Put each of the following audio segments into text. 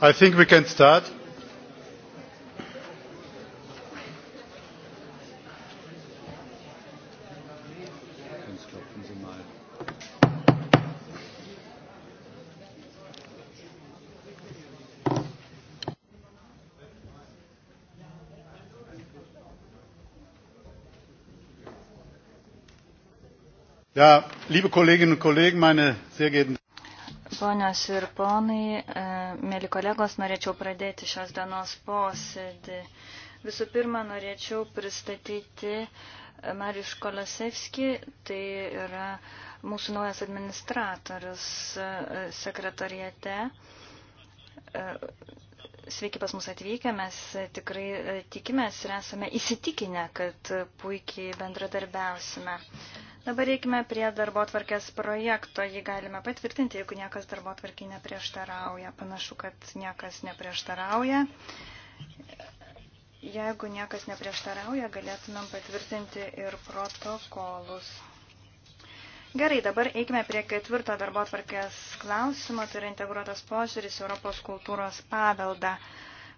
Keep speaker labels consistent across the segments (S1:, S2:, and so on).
S1: I think we can start. Ja, liebe Kolleginnen und Kollegen, meine sehr geehrten
S2: Ponios ir ponai, e, mėly kolegos, norėčiau pradėti šios dienos posėdį. Visų pirma, norėčiau pristatyti Marius Kolasevski, tai yra mūsų naujas administratorius e, sekretariate. E, sveiki pas mus atvykę, mes tikrai tikimės ir esame įsitikinę, kad puikiai bendradarbiausime. Dabar reikime prie darbo tvarkės projekto. Jį galime patvirtinti, jeigu niekas darbo tvarkiai neprieštarauja. Panašu, kad niekas neprieštarauja. Jeigu niekas neprieštarauja, galėtumėm patvirtinti ir protokolus. Gerai, dabar eikime prie ketvirto darbo tvarkės klausimo, tai yra integruotas požiūris Europos kultūros paveldą.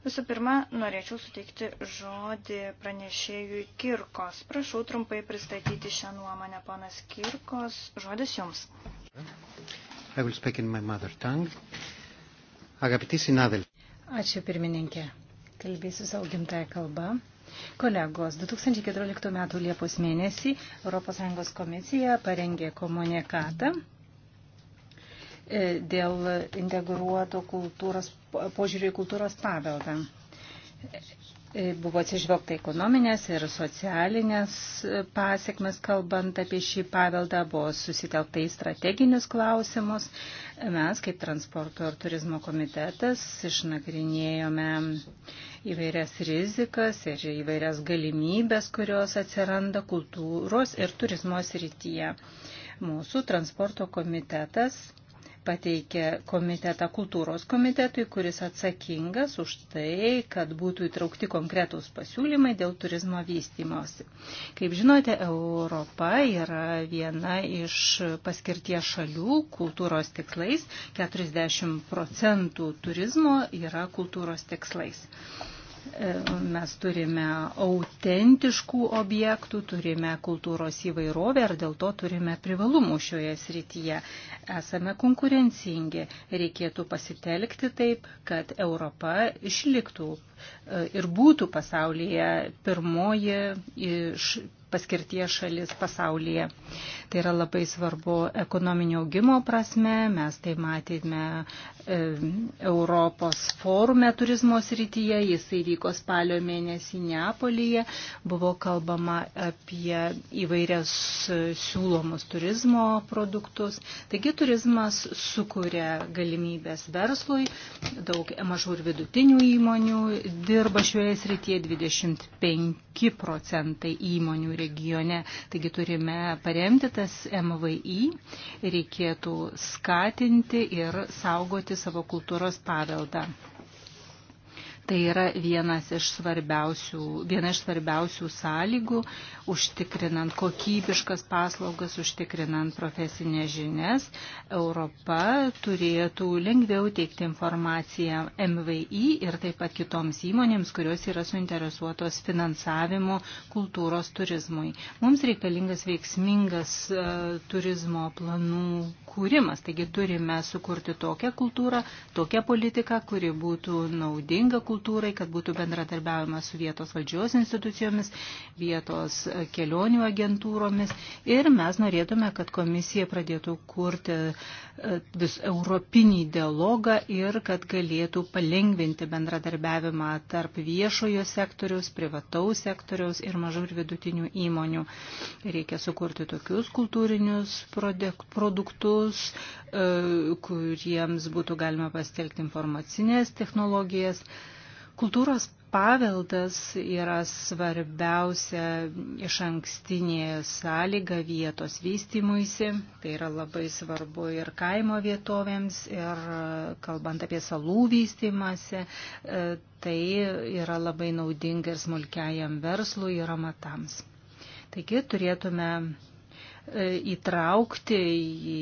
S2: Visų pirma, norėčiau suteikti žodį pranešėjui Kirkos. Prašau trumpai pristatyti šią nuomonę, ponas Kirkos.
S1: Žodis jums. Ačiū pirmininkė. Kalbėsiu savo gimtąją kalbą. Kolegos, 2014 m. Liepos mėnesį ES komisija parengė komunikatą E, dėl integruoto kultūros, požiūrį į kultūros paveldą. E, buvo atsižvelgta ekonominės ir socialinės pasiekmes, kalbant apie šį paveldą, buvo susitelkta į strateginius klausimus. Mes, kaip transporto ir turizmo komitetas, išnagrinėjome įvairias rizikas ir įvairias galimybės, kurios atsiranda kultūros ir turizmo srityje. Mūsų transporto komitetas pateikė komitetą kultūros komitetui, kuris atsakingas už tai, kad būtų įtraukti konkretūs pasiūlymai dėl turizmo vystymosi. Kaip žinote, Europa yra viena iš paskirties šalių kultūros tikslais, 40 procentų turizmo yra kultūros tikslais mes turime autentiškų objektų, turime kultūros įvairovę ir dėl to turime privalumų šioje srityje. Esame konkurencingi. Reikėtų pasitelkti taip, kad Europa išliktų e, ir būtų pasaulyje pirmoji iš paskirties šalis pasaulyje. Tai yra labai svarbu ekonominio augimo prasme, mes tai matėme E, Europos forume turizmo srityje, jisai vyko spalio mėnesį Neapolyje, buvo kalbama apie įvairias siūlomus turizmo produktus. Taigi turizmas sukuria galimybės verslui, daug mažų ir vidutinių įmonių dirba šioje srityje 25 procentai įmonių regione. Taigi turime paremti tas MVI, reikėtų skatinti ir saugoti savo kultūros paveldą. Tai yra vienas iš svarbiausių, viena iš svarbiausių sąlygų, užtikrinant kokybiškas paslaugas, užtikrinant profesinės žinias. Europa turėtų lengviau teikti informaciją MVI ir taip pat kitoms įmonėms, kurios yra suinteresuotos finansavimu kultūros turizmui. Mums reikalingas veiksmingas uh, turizmo planų kūrimas, taigi turime sukurti tokią kultūrą, tokią politiką, kuri būtų naudinga kultūrai kultūrai, kad būtų bendradarbiavimas su vietos valdžios institucijomis, vietos kelionių agentūromis. Ir mes norėtume, kad komisija pradėtų kurti e, vis europinį dialogą ir kad galėtų palengvinti bendradarbiavimą tarp viešojo sektoriaus, privataus sektoriaus ir mažų ir vidutinių įmonių. Reikia sukurti tokius kultūrinius produktus, e, kuriems būtų galima pasitelkti informacinės technologijas. Kultūros paveldas yra svarbiausia iš ankstinė sąlyga vietos vystimuisi. Tai yra labai svarbu ir kaimo vietovėms, ir e, kalbant apie salų vystimąsi, e, tai yra labai naudinga ir smulkiajam verslui, ir amatams. Taigi turėtume E, įtraukti į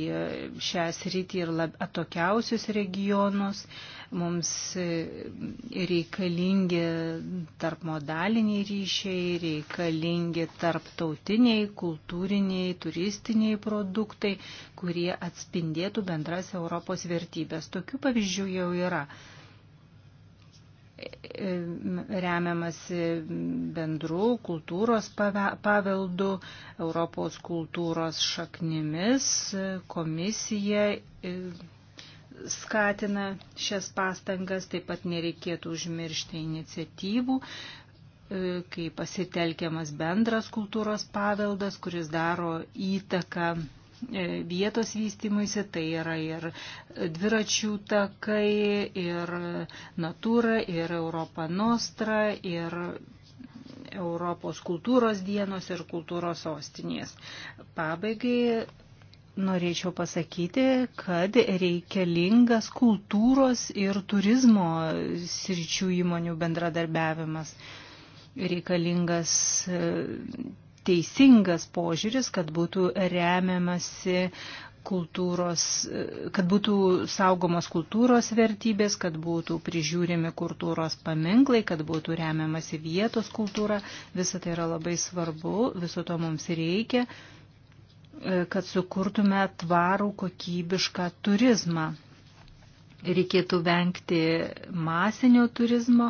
S1: šią sritį ir lab, atokiausius regionus. Mums e, reikalingi tarpmodaliniai ryšiai, reikalingi tarptautiniai, kultūriniai, turistiniai produktai, kurie atspindėtų bendras Europos vertybės. Tokių pavyzdžių jau yra remiamasi bendrų kultūros paveldų, Europos kultūros šaknimis. Komisija e, skatina šias pastangas, taip pat nereikėtų užmiršti iniciatyvų, e, kai pasitelkiamas bendras kultūros paveldas, kuris daro įtaką E, vietos vystimuisi, tai yra ir dviračių takai, ir natūra, ir Europa Nostra, ir Europos kultūros dienos ir kultūros sostinės. Pabaigai norėčiau pasakyti, kad reikalingas kultūros ir turizmo sričių įmonių bendradarbiavimas reikalingas teisingas požiūris, kad būtų remiamasi kultūros, kad būtų saugomos kultūros vertybės, kad būtų prižiūrimi kultūros paminklai, kad būtų remiamasi vietos kultūra. Visą tai yra labai svarbu, viso to mums reikia, kad sukurtume tvarų kokybišką turizmą. Reikėtų vengti masinio turizmo,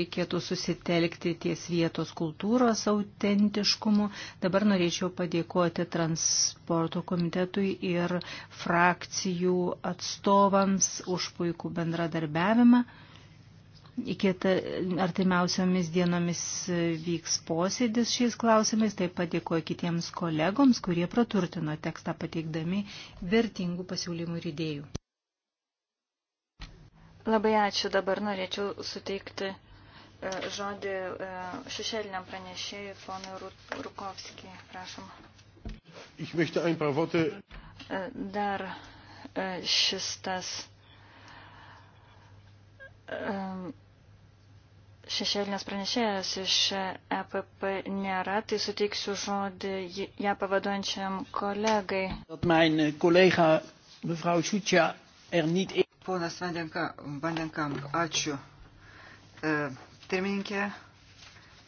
S1: reikėtų susitelkti ties vietos kultūros autentiškumu. Dabar norėčiau padėkoti transporto komitetui ir frakcijų atstovams už puikų bendradarbiavimą. Iki artimiausiomis dienomis vyks posėdis šiais klausimais, taip pat dėkoju kitiems kolegoms, kurie praturtino tekstą pateikdami vertingų pasiūlymų ir idėjų. Labai
S2: ačiū. Dabar norėčiau suteikti e, žodį e, šešėliniam pranešėjui, ponui Rukovskijai. Prašom.
S3: E,
S2: dar šis tas šešėlinės pranešėjas iš EPP nėra, tai suteiksiu žodį ją pavaduojančiam kolegai.
S3: Dat mijn collega mevrouw Sučia er niet Ponas Vandenkam, ačiū. E, Pirmininkė,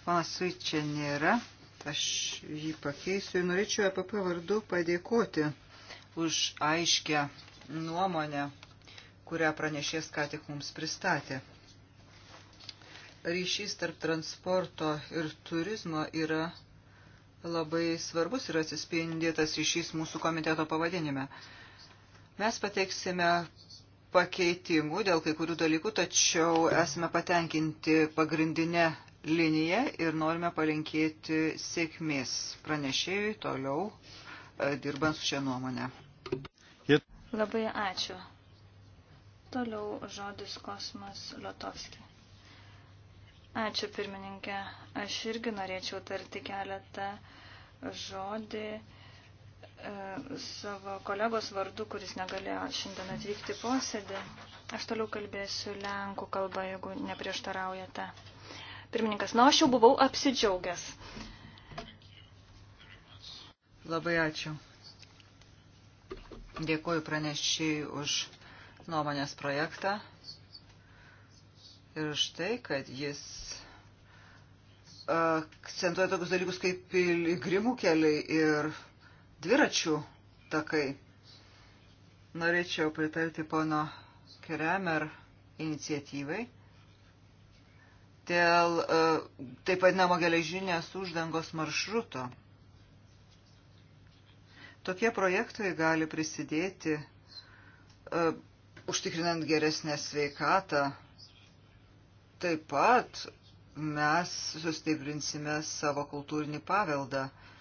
S3: ponas Suičia nėra, aš jį pakeisiu ir norėčiau APP e vardu padėkoti už aiškę nuomonę, kurią pranešės ką tik mums pristatė. Ryšys tarp transporto ir turizmo yra labai svarbus ir atsispindėtas ryšys mūsų komiteto pavadinime. Mes pateiksime pakeitimų dėl kai kurių dalykų, tačiau esame patenkinti pagrindinę liniją ir norime palinkėti sėkmės pranešėjui toliau e, dirbant su šią nuomonę.
S2: Labai ačiū. Toliau žodis kosmas Lotovski. Ačiū pirmininkė. Aš irgi norėčiau tarti keletą žodį E, savo kolegos vardu, kuris negalėjo šiandien atvykti posėdį. Aš toliau kalbėsiu lenkų kalbą, jeigu neprieštaraujate. Pirmininkas, na, aš jau buvau apsidžiaugęs.
S3: Labai ačiū. Dėkuoju pranešiai už nuomonės projektą ir už tai, kad jis e, akcentuoja tokius dalykus kaip piligrimų keliai ir dviračių takai. Norėčiau pritarti pono Kremer iniciatyvai dėl e, taip vadinamo geležinės uždangos maršruto. Tokie projektai gali prisidėti uh, užtikrinant geresnę sveikatą. Taip pat mes sustiprinsime savo kultūrinį paveldą. Uh,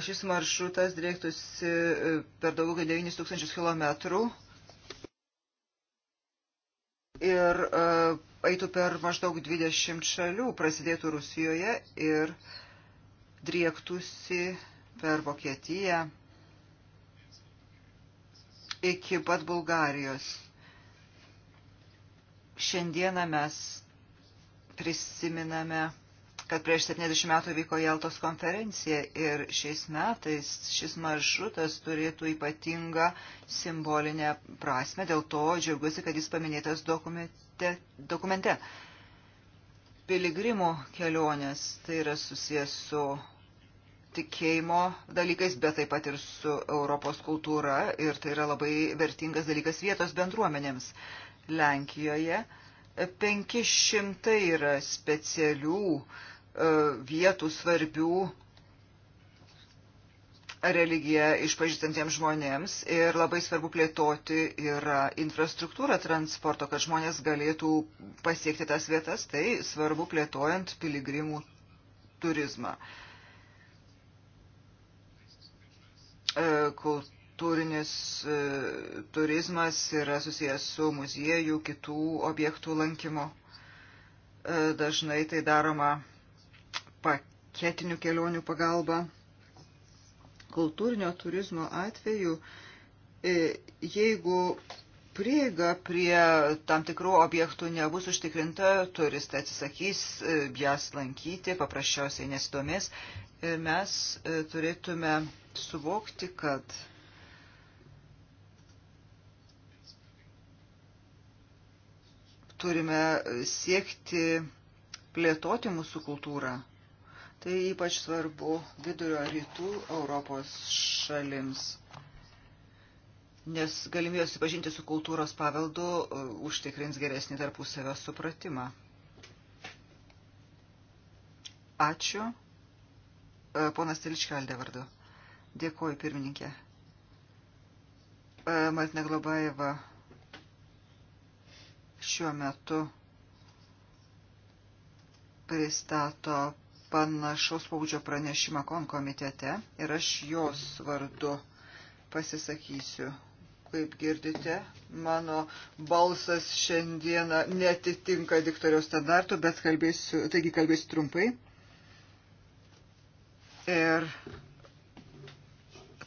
S3: šis maršrutas driektųsi e, per daugiau kaip 9 tūkstančius kilometrų ir e, eitų per maždaug 20 šalių, prasidėtų Rusijoje ir driektųsi per Vokietiją iki pat Bulgarijos. Šiandieną mes prisiminame kad prieš 70 metų vyko Jaltos konferencija ir šiais metais šis maršrutas turėtų ypatingą simbolinę prasme, dėl to džiaugiuosi, kad jis paminėtas dokumente. dokumente. Piligrimų kelionės tai yra susijęs su tikėjimo dalykais, bet taip pat ir su Europos kultūra ir tai yra labai vertingas dalykas vietos bendruomenėms Lenkijoje. 500 yra specialių E, vietų svarbių religiją išpažįstantiems žmonėms ir labai svarbu plėtoti yra infrastruktūrą transporto, kad žmonės galėtų pasiekti tas vietas, tai svarbu plėtojant piligrimų turizmą. E, kultūrinis e, turizmas yra susijęs su muziejų, kitų objektų lankymo. Dažnai tai daroma paketinių kelionių pagalba. Kultūrinio turizmo atveju, e, jeigu prieiga prie tam tikrų objektų nebus užtikrinta, turistai atsisakys e, jas lankyti, paprasčiausiai nesidomės. Ir mes e, turėtume suvokti, kad turime siekti plėtoti mūsų kultūrą. Tai ypač svarbu vidurio rytų Europos šalims, nes galimybė susipažinti su kultūros paveldu e, užtikrins geresnį tarpusavio supratimą. Ačiū. E, ponas Teličkaldė vardu. Dėkuoju, pirmininkė. E, Martina Globaeva šiuo metu pristato panašaus paudžio pranešimą konkomitete ir aš jos vardu pasisakysiu. Kaip girdite, mano balsas šiandieną netitinka diktorio standartų, bet kalbėsiu, taigi kalbėsiu trumpai. Ir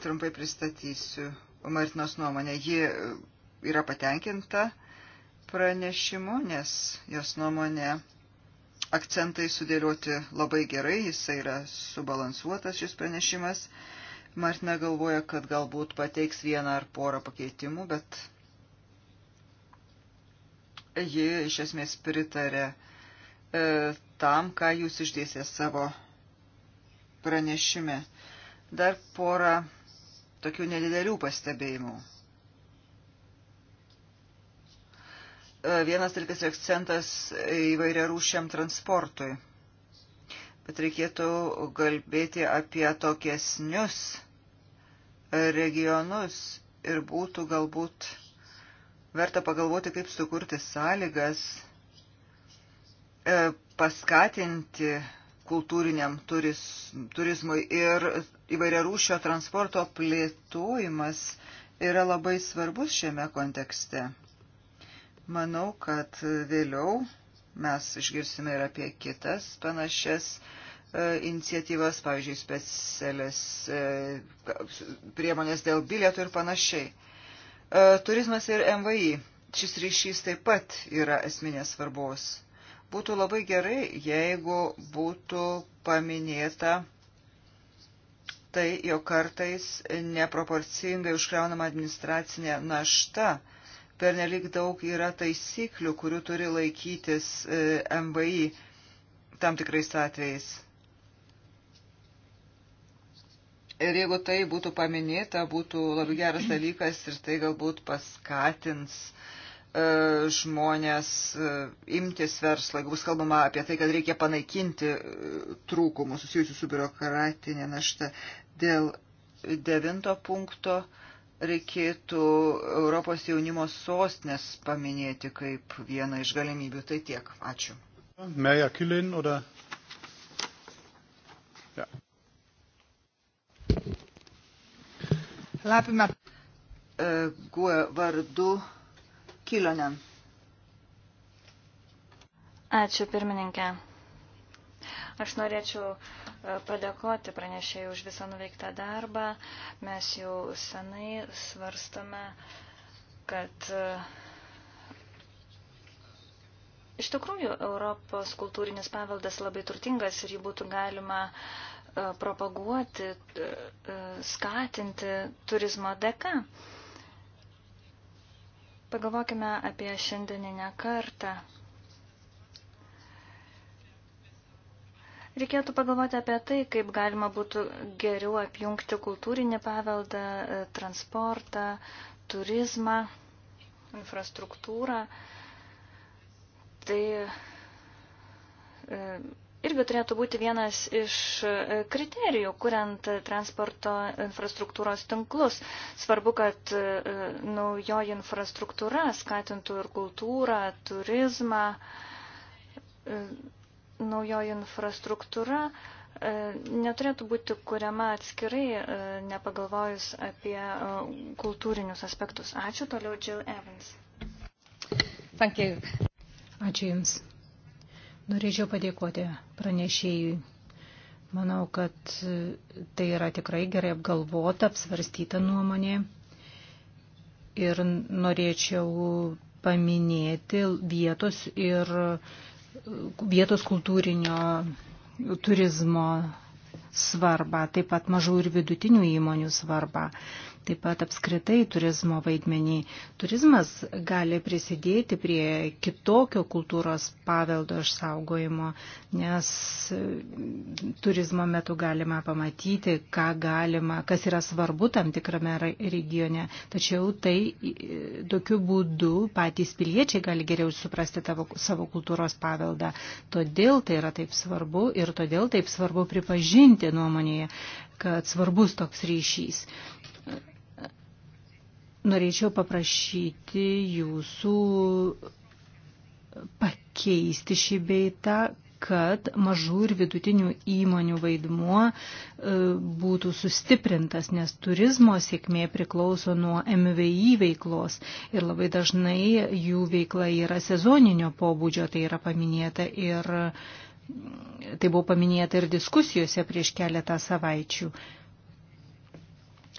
S3: trumpai pristatysiu Martinos nuomonę. Ji yra patenkinta pranešimu, nes jos nuomonė akcentai sudėlioti labai gerai, jisai yra subalansuotas šis pranešimas. Martina galvoja, kad galbūt pateiks vieną ar porą pakeitimų, bet ji iš esmės pritarė e, tam, ką jūs išdėsė savo pranešime. Dar porą tokių nedidelių pastebėjimų. E, vienas dalykas yra akcentas įvairia rūšiam transportui, bet reikėtų kalbėti apie tokiesnius regionus ir būtų galbūt verta pagalvoti, kaip sukurti sąlygas, e, paskatinti kultūriniam turis, turizmui ir įvairiarūšio transporto plėtojimas yra labai svarbus šiame kontekste. Manau, kad vėliau mes išgirsime ir apie kitas panašias e, iniciatyvas, pavyzdžiui, specialias e, priemonės dėl bilietų ir panašiai. E, turizmas ir MVI. Šis ryšys taip pat yra esminės svarbos. Būtų labai gerai, jeigu būtų paminėta tai, jo kartais neproporcingai užkraunama administracinė našta pernelik daug yra taisyklių, kurių turi laikytis e, MBI tam tikrais atvejais. Ir jeigu tai būtų paminėta, būtų labai geras dalykas ir tai galbūt paskatins e, žmonės e, imtis verslą, jeigu bus kalbama apie tai, kad reikia panaikinti e, trūkumus susijusius su biurokratinė našta. Dėl devinto punkto e, reikėtų Europos jaunimo sostinės paminėti kaip vieną iš galimybių. Tai tiek. Ačiū.
S1: Merja Kilin, oder?
S3: Ja. Lapime. Gue vardu Kilonen.
S2: Ačiū pirmininkė. Aš norėčiau uh, padėkoti pranešėjai už visą nuveiktą darbą. Mes jau senai svarstame, kad e, iš tikrųjų Europos kultūrinis paveldas labai turtingas ir jį būtų galima e, propaguoti, e, skatinti turizmo dėka. Pagalvokime apie šiandieninę kartą. Reikėtų pagalvoti apie tai, kaip galima būtų geriau apjungti kultūrinį paveldą, e, transportą, turizmą, infrastruktūrą. Tai e, irgi turėtų būti vienas iš e, kriterijų, kuriant transporto infrastruktūros tinklus. Svarbu, kad naujoji infrastruktūra skatintų ir kultūrą, turizmą naujoji infrastruktūra e, neturėtų būti kuriama atskirai, e, nepagalvojus apie e, kultūrinius aspektus. Ačiū toliau, Jill Evans.
S1: Thank you. Ačiū Jums. Norėčiau padėkoti pranešėjui. Manau, kad tai yra tikrai gerai apgalvota, apsvarstyta nuomonė. Ir norėčiau paminėti vietos ir uh, vietos kultūrinio turizmo svarbą, taip pat mažų ir vidutinių įmonių svarbą taip pat apskritai turizmo vaidmenį. Turizmas gali prisidėti prie kitokio kultūros paveldo išsaugojimo, nes turizmo metu galima pamatyti, ką galima, kas yra svarbu tam tikrame regione. Tačiau tai tokiu būdu patys piliečiai gali geriau suprasti tavo, savo kultūros paveldą. Todėl tai yra taip svarbu ir todėl taip svarbu pripažinti nuomonėje, kad svarbus toks ryšys norėčiau paprašyti jūsų pakeisti šį beitą, kad mažų ir vidutinių įmonių vaidmuo e, būtų sustiprintas, nes turizmo sėkmė priklauso nuo MVI veiklos ir labai dažnai jų veikla yra sezoninio pobūdžio, tai yra paminėta ir tai buvo paminėta ir diskusijose prieš keletą savaičių.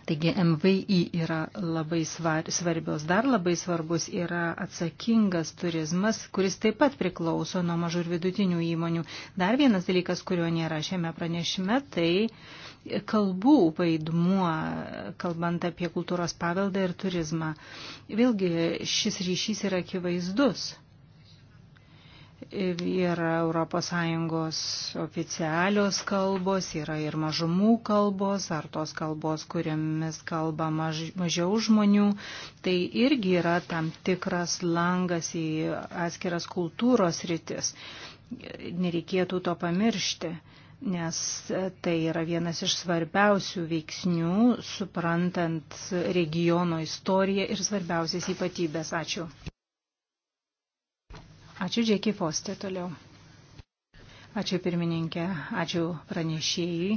S1: Taigi MVI yra labai svarbios. Dar labai svarbus yra atsakingas turizmas, kuris taip pat priklauso nuo mažų ir vidutinių įmonių. Dar vienas dalykas, kurio nėra šiame pranešime, tai kalbų vaidmuo, kalbant apie kultūros paveldą ir turizmą. Vėlgi šis ryšys yra akivaizdus yra ES oficialios kalbos, yra ir mažumų kalbos, ar tos kalbos, kuriamis kalba maž, mažiau žmonių. Tai irgi yra tam tikras langas į atskiras kultūros rytis. Nereikėtų to pamiršti, nes tai yra vienas iš svarbiausių veiksnių, suprantant regiono istoriją ir svarbiausias ypatybės. Ačiū. Ačiū, Džeki Fosti, toliau. Ačiū pirmininkė, ačiū pranešėjai.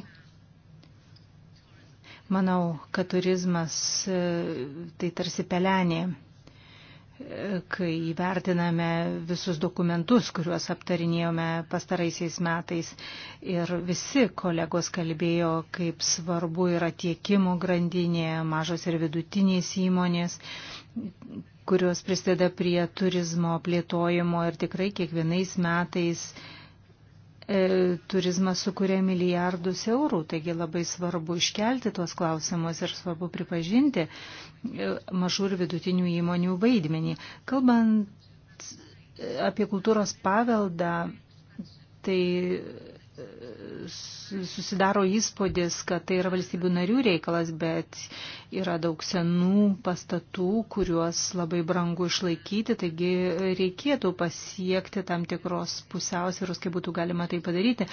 S1: Manau, kad turizmas e, tai tarsi pelenė e, kai įvertiname visus dokumentus, kuriuos aptarinėjome pastaraisiais metais. Ir visi kolegos kalbėjo, kaip svarbu yra tiekimo grandinė, mažos ir vidutinės įmonės kurios prisideda prie turizmo plėtojimo ir tikrai kiekvienais metais e, turizmas sukuria milijardus eurų, taigi labai svarbu iškelti tuos klausimus ir svarbu pripažinti e, mažų ir vidutinių įmonių vaidmenį. Kalbant e, apie kultūros paveldą, tai e, susidaro įspūdis, kad tai yra valstybių narių reikalas, bet Yra daug senų pastatų, kuriuos labai brangu išlaikyti, taigi reikėtų pasiekti tam tikros pusiausvėros, kaip būtų galima tai padaryti.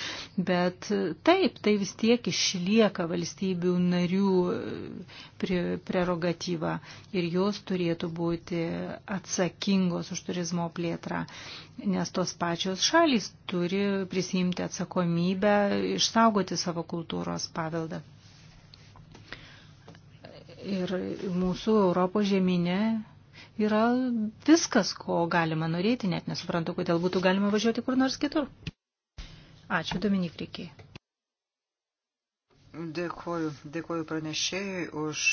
S1: Bet taip, tai vis tiek išlieka valstybių narių e, prerogatyva ir jos turėtų būti atsakingos už turizmo plėtrą, nes tos pačios šalys turi prisimti atsakomybę išsaugoti savo kultūros paveldą. Ir mūsų Europos žemynė yra viskas, ko galima norėti, net nesuprantu, kodėl būtų galima važiuoti kur nors kitur. Ačiū, Dominik Reikiai.
S3: Dėkoju, dėkoju pranešėjui už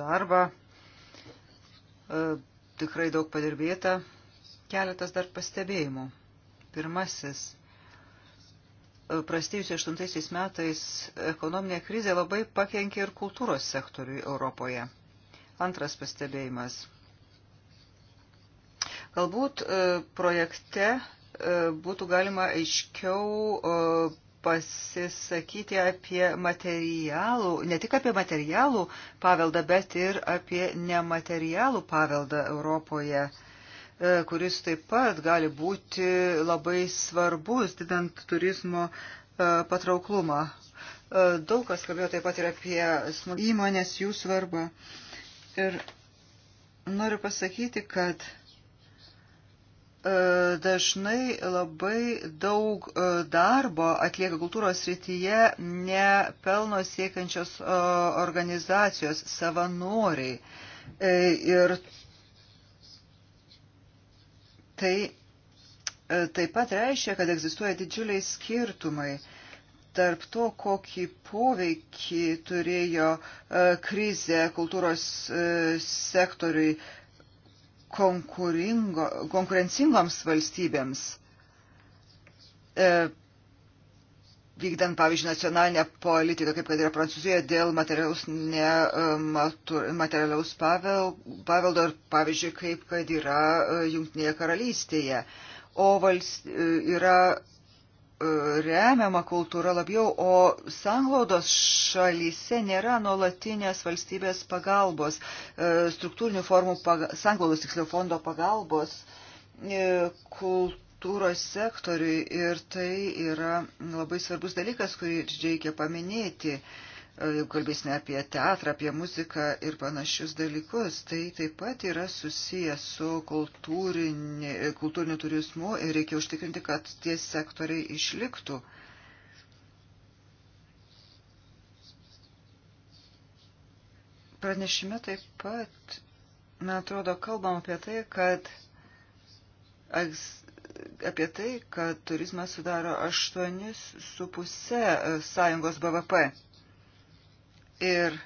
S3: darbą. E, tikrai daug padirbėta. Keletas dar pastebėjimų. Pirmasis prastėjusi 8 metais ekonominė krizė labai pakenkė ir kultūros sektoriui Europoje. Antras pastebėjimas. Galbūt e, projekte e, būtų galima aiškiau e, pasisakyti apie materialų, ne tik apie materialų paveldą, bet ir apie nematerialų paveldą Europoje. E, kuris taip pat gali būti labai svarbus, didant turizmo e, patrauklumą. E, daug kas kalbėjo taip pat ir apie įmonės, jų svarbą. Ir noriu pasakyti, kad dažnai labai daug darbo atlieka kultūros srityje nepelno siekiančios organizacijos savanoriai. Ir Tai e, taip pat reiškia, kad egzistuoja didžiuliai skirtumai tarp to, kokį poveikį turėjo e, krizė kultūros e, sektoriui konkurencingoms valstybėms vykdant, pavyzdžiui, nacionalinę politiką, kaip kad yra Prancūzijoje, dėl materialiaus, ne, matu, materialiaus pavel, paveldo ir, pavyzdžiui, kaip kad yra e, Junktinėje karalystėje. O valst, e, yra e, remiama kultūra labiau, o sanglaudos šalyse nėra nuolatinės valstybės pagalbos, struktūrinių formų, sanglaudos tiksliau fondo pagalbos kultūrai kultūros sektoriui ir tai yra labai svarbus dalykas, kurį reikia paminėti, e, jeigu kalbėsime apie teatrą, apie muziką ir panašius dalykus. Tai taip pat yra susijęs su kultūrinė, kultūriniu turizmu ir reikia užtikrinti, kad tie sektoriai išliktų. Pranešime taip pat, man atrodo, kalbam apie tai, kad apie tai, kad turizmas sudaro 8,5 e, sąjungos BVP. Ir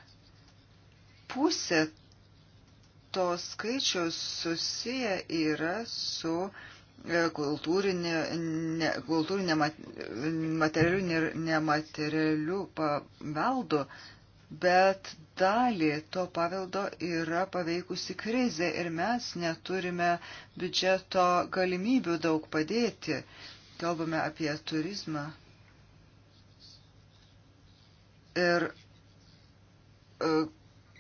S3: pusė to skaičiaus susiję yra su e, kultūrinė, ne, kultūrinė materialių ir nematerialių paveldų, bet dalį to paveldo yra paveikusi krizė ir mes neturime biudžeto galimybių daug padėti. Kalbame apie turizmą. Ir e,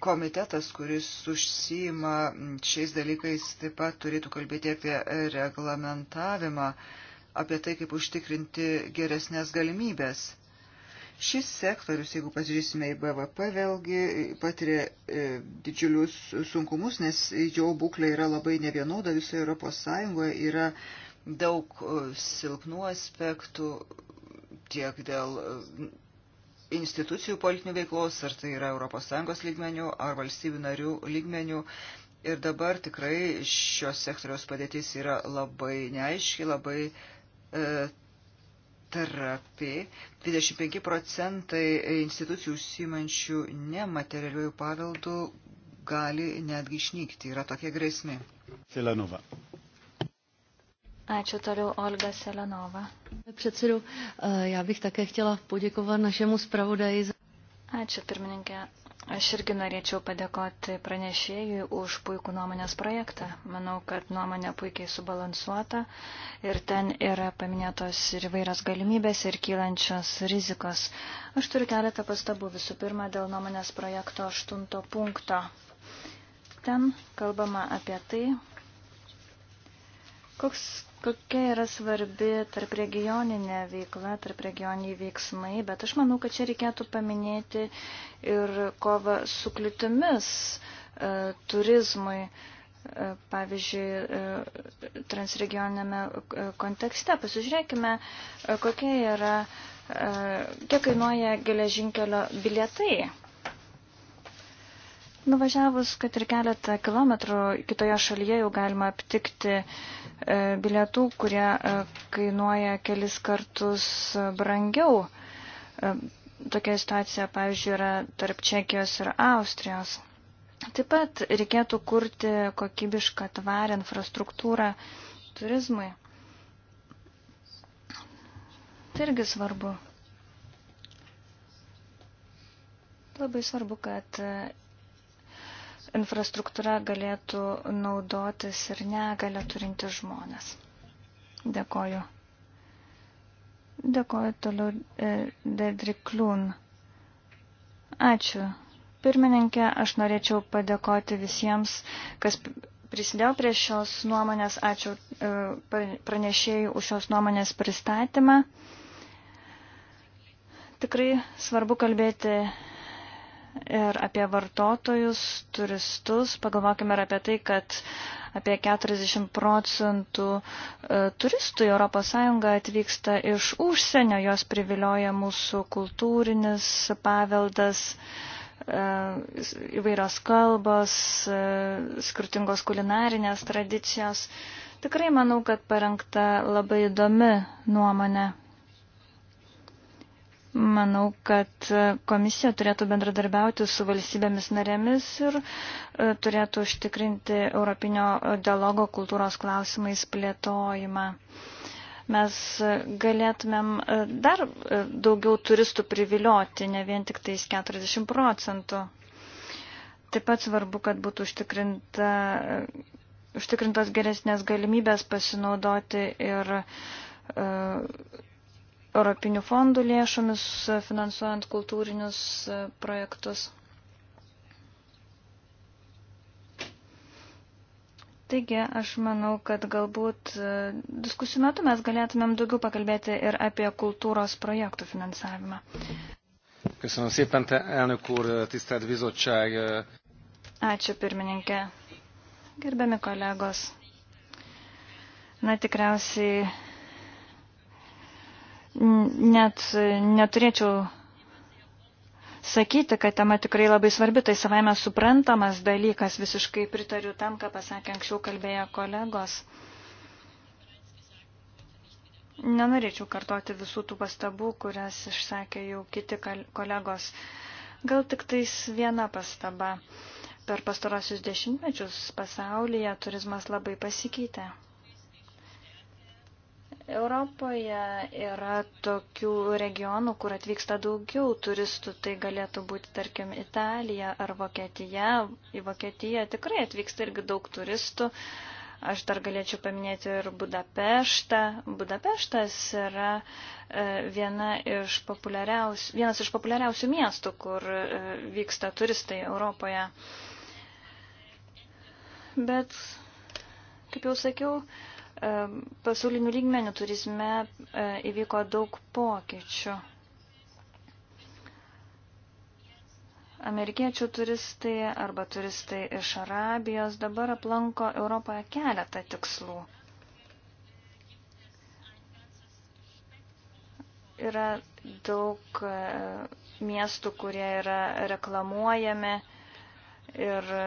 S3: komitetas, kuris užsima šiais dalykais, taip pat turėtų kalbėti apie reglamentavimą, apie tai, kaip užtikrinti geresnės galimybės. Šis sektorius, jeigu pasižiūrėsime į BVP, vėlgi patiria e, didžiulius sunkumus, nes jo būklė yra labai nevienoda visoje Europos Sąjungoje, yra daug e, silpnų aspektų tiek dėl e, institucijų politinių veiklos, ar tai yra Europos Sąjungos lygmenių, ar valstybių narių lygmenių. Ir dabar tikrai šios sektoriaus padėtis yra labai neaiški, labai e, trapi. 25 procentai institucijų užsimančių nematerialiųjų paveldų gali netgi išnykti. Yra tokia grėsmė.
S1: Selenova.
S2: Ačiū toliau Olga Selenova. Předsedu, eh, já bych také chtěla poděkovat našemu zpravodaji za... Ačiū pirmininkė. Aš irgi norėčiau padėkoti pranešėjui už puikų nuomonės projektą. Manau, kad nuomonė puikiai subalansuota ir ten yra paminėtos ir įvairios galimybės ir kylančios rizikos. Aš turiu keletą pastabų. Visų pirma, dėl nuomonės projekto aštunto punkto. Ten kalbama apie tai, koks kokia yra svarbi tarp regioninė veikla, tarp regioniniai veiksmai, bet aš manau, kad čia reikėtų paminėti ir kovą su kliūtimis e, turizmui. E, pavyzdžiui, e, transregioninėme e, kontekste. Pasižiūrėkime, e, kokia yra, e, kiek kainuoja geležinkelio bilietai Nuvažiavus, kad ir keletą kilometrų kitoje šalyje jau galima aptikti e, bilietų, kurie e, kainuoja kelis kartus e, brangiau. Tokia situacija, pavyzdžiui, yra tarp Čekijos ir Austrijos. Taip pat reikėtų kurti kokybišką tvarę infrastruktūrą turizmui. Tai irgi svarbu. Labai svarbu, kad infrastruktūra galėtų naudotis ir negalę turinti žmonės. Dėkoju. Dėkoju toliau e, Dedrik Kliūn. Ačiū. Pirmininkė, aš norėčiau padėkoti visiems, kas prisidėjo prie šios nuomonės. Ačiū e, pranešėjai už šios nuomonės pristatymą. Tikrai svarbu kalbėti ir apie vartotojus, turistus. Pagalvokime ir apie tai, kad apie 40 procentų e, turistų į ES atvyksta iš užsienio, jos privilioja mūsų kultūrinis paveldas e, įvairios kalbos, e, skirtingos kulinarinės tradicijos. Tikrai manau, kad parengta labai įdomi nuomonė. Manau, kad komisija turėtų bendradarbiauti su valstybėmis narėmis ir e, turėtų užtikrinti Europinio dialogo kultūros klausimais plėtojimą. Mes galėtumėm e, dar e, daugiau turistų privilioti, ne vien tik tais 40 procentų. Taip pat svarbu, kad būtų užtikrinta, užtikrintos geresnės galimybės pasinaudoti ir uh, Europinių fondų lėšomis, finansuojant kultūrinius e, projektus. Taigi, aš manau, kad galbūt e, diskusijų metu mes galėtumėm daugiau pakalbėti ir apie kultūros projektų finansavimą.
S1: Köszönöm szépen, te elnök úr, tisztelt bizottság.
S2: Ačiū pirmininkė. Gerbiami kolegos. Na tikriausiai net neturėčiau sakyti, kad tema tikrai labai svarbi, tai savaime suprantamas dalykas, visiškai pritariu tam, ką pasakė anksčiau kalbėję kolegos. Nenorėčiau kartoti visų tų pastabų, kurias išsakė jau kiti kolegos. Gal tik tais viena pastaba. Per pastarosius dešimtmečius pasaulyje turizmas labai pasikeitė. Europoje yra tokių regionų, kur atvyksta daugiau turistų, tai galėtų būti, tarkim, Italija ar Vokietija. Į Vokietiją tikrai atvyksta irgi daug turistų. Aš dar galėčiau paminėti ir Budapeštą. Budapeštas yra e, viena iš vienas iš populiariausių miestų, kur e, vyksta turistai Europoje. Bet, kaip jau sakiau, E, Pasaulinių lygmenių turizme e, įvyko daug pokyčių. Amerikiečių turistai arba turistai iš Arabijos dabar aplanko Europoje keletą tikslų. Yra daug e, miestų, kurie yra reklamuojami Ir e,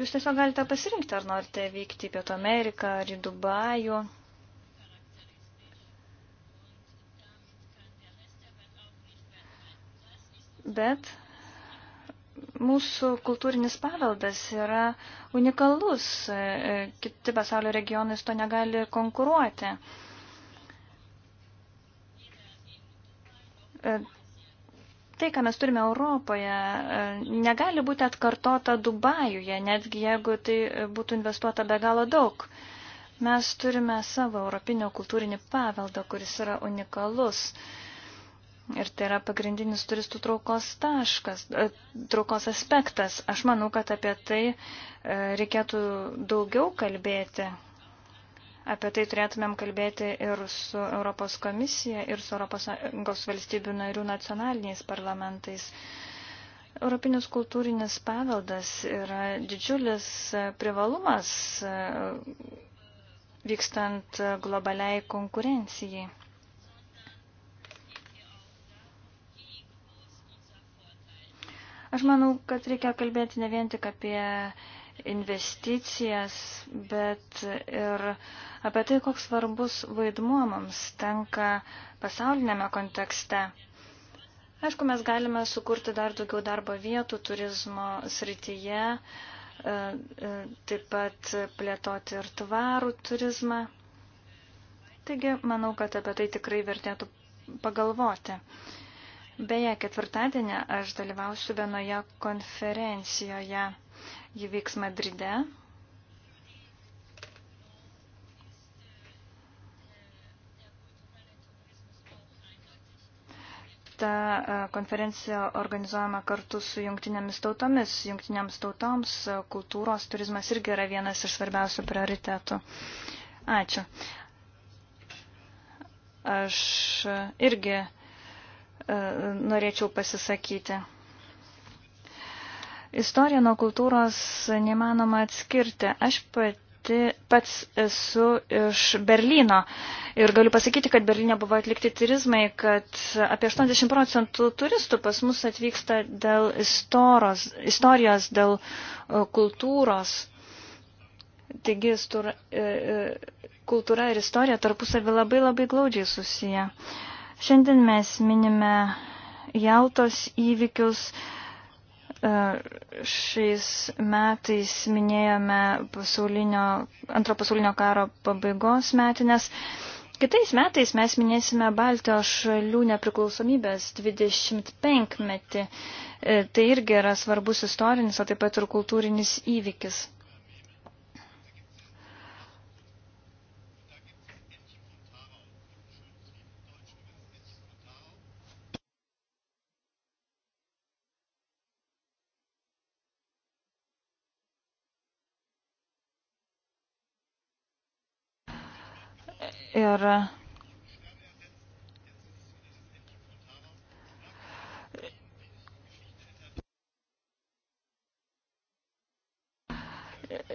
S2: jūs tiesiog galite pasirinkti, ar norite vykti į Pietų Ameriką, ar į Dubajų. Bet mūsų kultūrinis paveldas yra unikalus. E, e, kiti pasaulio regionai su to negali konkuruoti tai, ką mes turime Europoje, e, negali būti atkartota Dubajuje, netgi jeigu tai būtų investuota be galo daug. Mes turime savo europinio kultūrinį paveldą, kuris yra unikalus. Ir tai yra pagrindinis turistų traukos taškas, e, traukos aspektas. Aš manau, kad apie tai e, reikėtų daugiau kalbėti, Apie tai turėtumėm kalbėti ir su Europos komisija, ir su ES valstybių narių nacionaliniais parlamentais. Europinis kultūrinis paveldas yra didžiulis privalumas vykstant globaliai konkurencijai. Aš manau, kad reikia kalbėti ne vien tik apie investicijas, bet ir apie tai, koks svarbus vaidmuo mums tenka pasaulinėme kontekste. Aišku, mes galime sukurti dar daugiau darbo vietų turizmo srityje, e, e, taip pat plėtoti ir tvarų turizmą. Taigi, manau, kad apie tai tikrai vertėtų pagalvoti. Beje, ketvirtadienį aš dalyvausiu vienoje konferencijoje Ji vyks Madride. Ta e, konferencija organizuojama kartu su jungtinėmis tautomis. Jungtinėms tautoms e, kultūros turizmas irgi yra vienas iš svarbiausių prioritetų. Ačiū. Aš e, irgi norėčiau pasisakyti. Istoriją nuo kultūros nemanoma atskirti. Aš pati, pats esu iš Berlyno ir galiu pasakyti, kad Berlyne buvo atlikti turizmai, kad apie 80 procentų turistų pas mus atvyksta dėl istoros, istorijos, dėl e, kultūros. Taigi stura, e, e, kultūra ir istorija tarpusavį labai labai glaudžiai susiję. Šiandien mes minime jautos įvykius, E, šiais metais minėjome pasaulinio, antro pasaulinio karo pabaigos metinės. Kitais metais mes minėsime Baltijos šalių nepriklausomybės 25 metį. E, tai irgi yra svarbus istorinis, o taip pat ir kultūrinis įvykis. Ir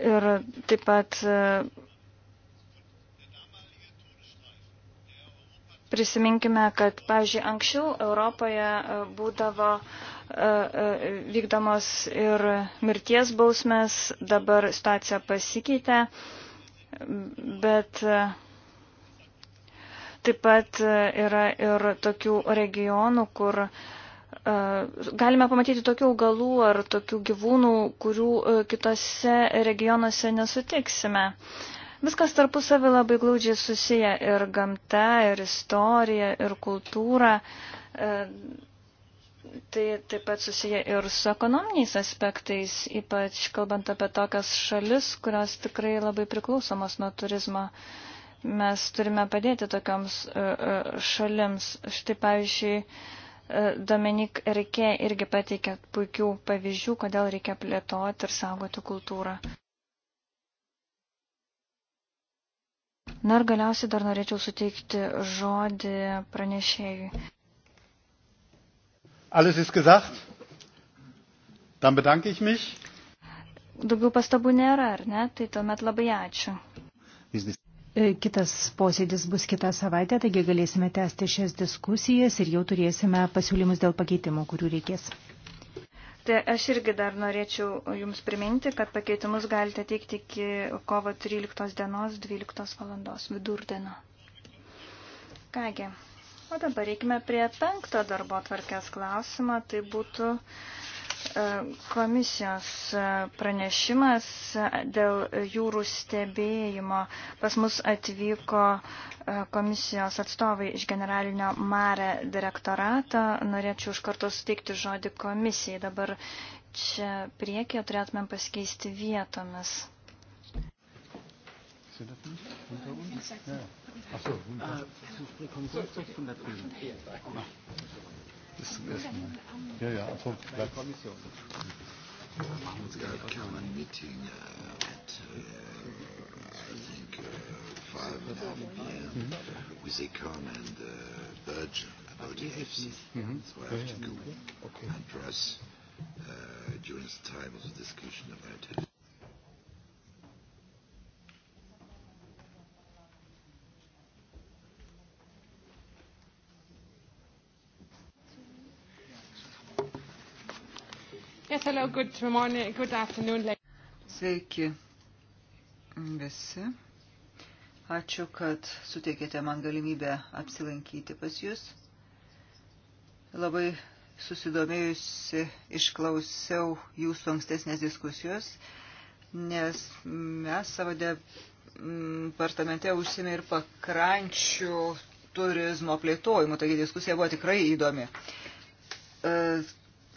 S2: Ir taip pat e, prisiminkime, kad, pavyzdžiui, anksčiau Europoje e, būdavo e, vykdomos ir mirties bausmės, dabar situacija pasikeitė, bet uh, Taip pat e, yra ir tokių regionų, kur e, galime pamatyti tokių augalų ar tokių gyvūnų, kurių e, kitose regionuose nesutiksime. Viskas tarpusavį labai glaudžiai susiję ir gamta, ir istorija, ir kultūra. Tai taip pat susiję ir su ekonominiais aspektais, ypač kalbant apie tokias šalis, kurios tikrai labai priklausomos nuo turizmo. Uh, Mes turime padėti tokioms e, e, šalims. Štai pavyzdžiui, e, Dominik Rikė irgi pateikė puikių pavyzdžių, kodėl reikia plėtoti ir saugoti kultūrą. Na ir galiausiai dar norėčiau suteikti žodį pranešėjui.
S1: Alles ist gesagt. Dann bedanke ich mich.
S2: Daugiau pastabų nėra, ar ne? Tai tuomet labai ačiū.
S3: Business.
S1: E, kitas posėdis bus kitą savaitę, taigi galėsime tęsti šias diskusijas ir jau turėsime pasiūlymus dėl pakeitimų, kurių reikės.
S2: Tai aš irgi dar norėčiau Jums priminti, kad pakeitimus galite teikti iki kovo 13 dienos 12 valandos vidurdieno. Kągi, o dabar reikime prie penkto darbo tvarkės klausimo, tai būtų E, komisijos e, pranešimas dėl jūrų stebėjimo. Pas mus atvyko e, komisijos atstovai iš generalinio Mare direktorato. Norėčiau iš karto suteikti žodį komisijai. Dabar čia priekyje turėtumėm pasikeisti vietomis.
S1: Ach so,
S2: das
S1: ist von der Prüfung. Ist, ist, ja, ja, vom Platz. Machen wir uns gerade gerne ein Meeting
S2: uh, at, uh, I think, uh, five and a half p.m. Mm -hmm. with Econ and uh, Virgin about the AFC. Mm -hmm. So I have mhm. to go okay. and dress uh, during the time of the discussion about it.
S3: Hello, good morning, good afternoon. Sveiki visi. Ačiū, kad suteikėte man galimybę apsilankyti pas Jūs. Labai susidomėjusi išklausiau Jūsų ankstesnės diskusijos, nes mes savo departamente užsime ir pakrančių turizmo plėtojimu, taigi diskusija buvo tikrai įdomi e,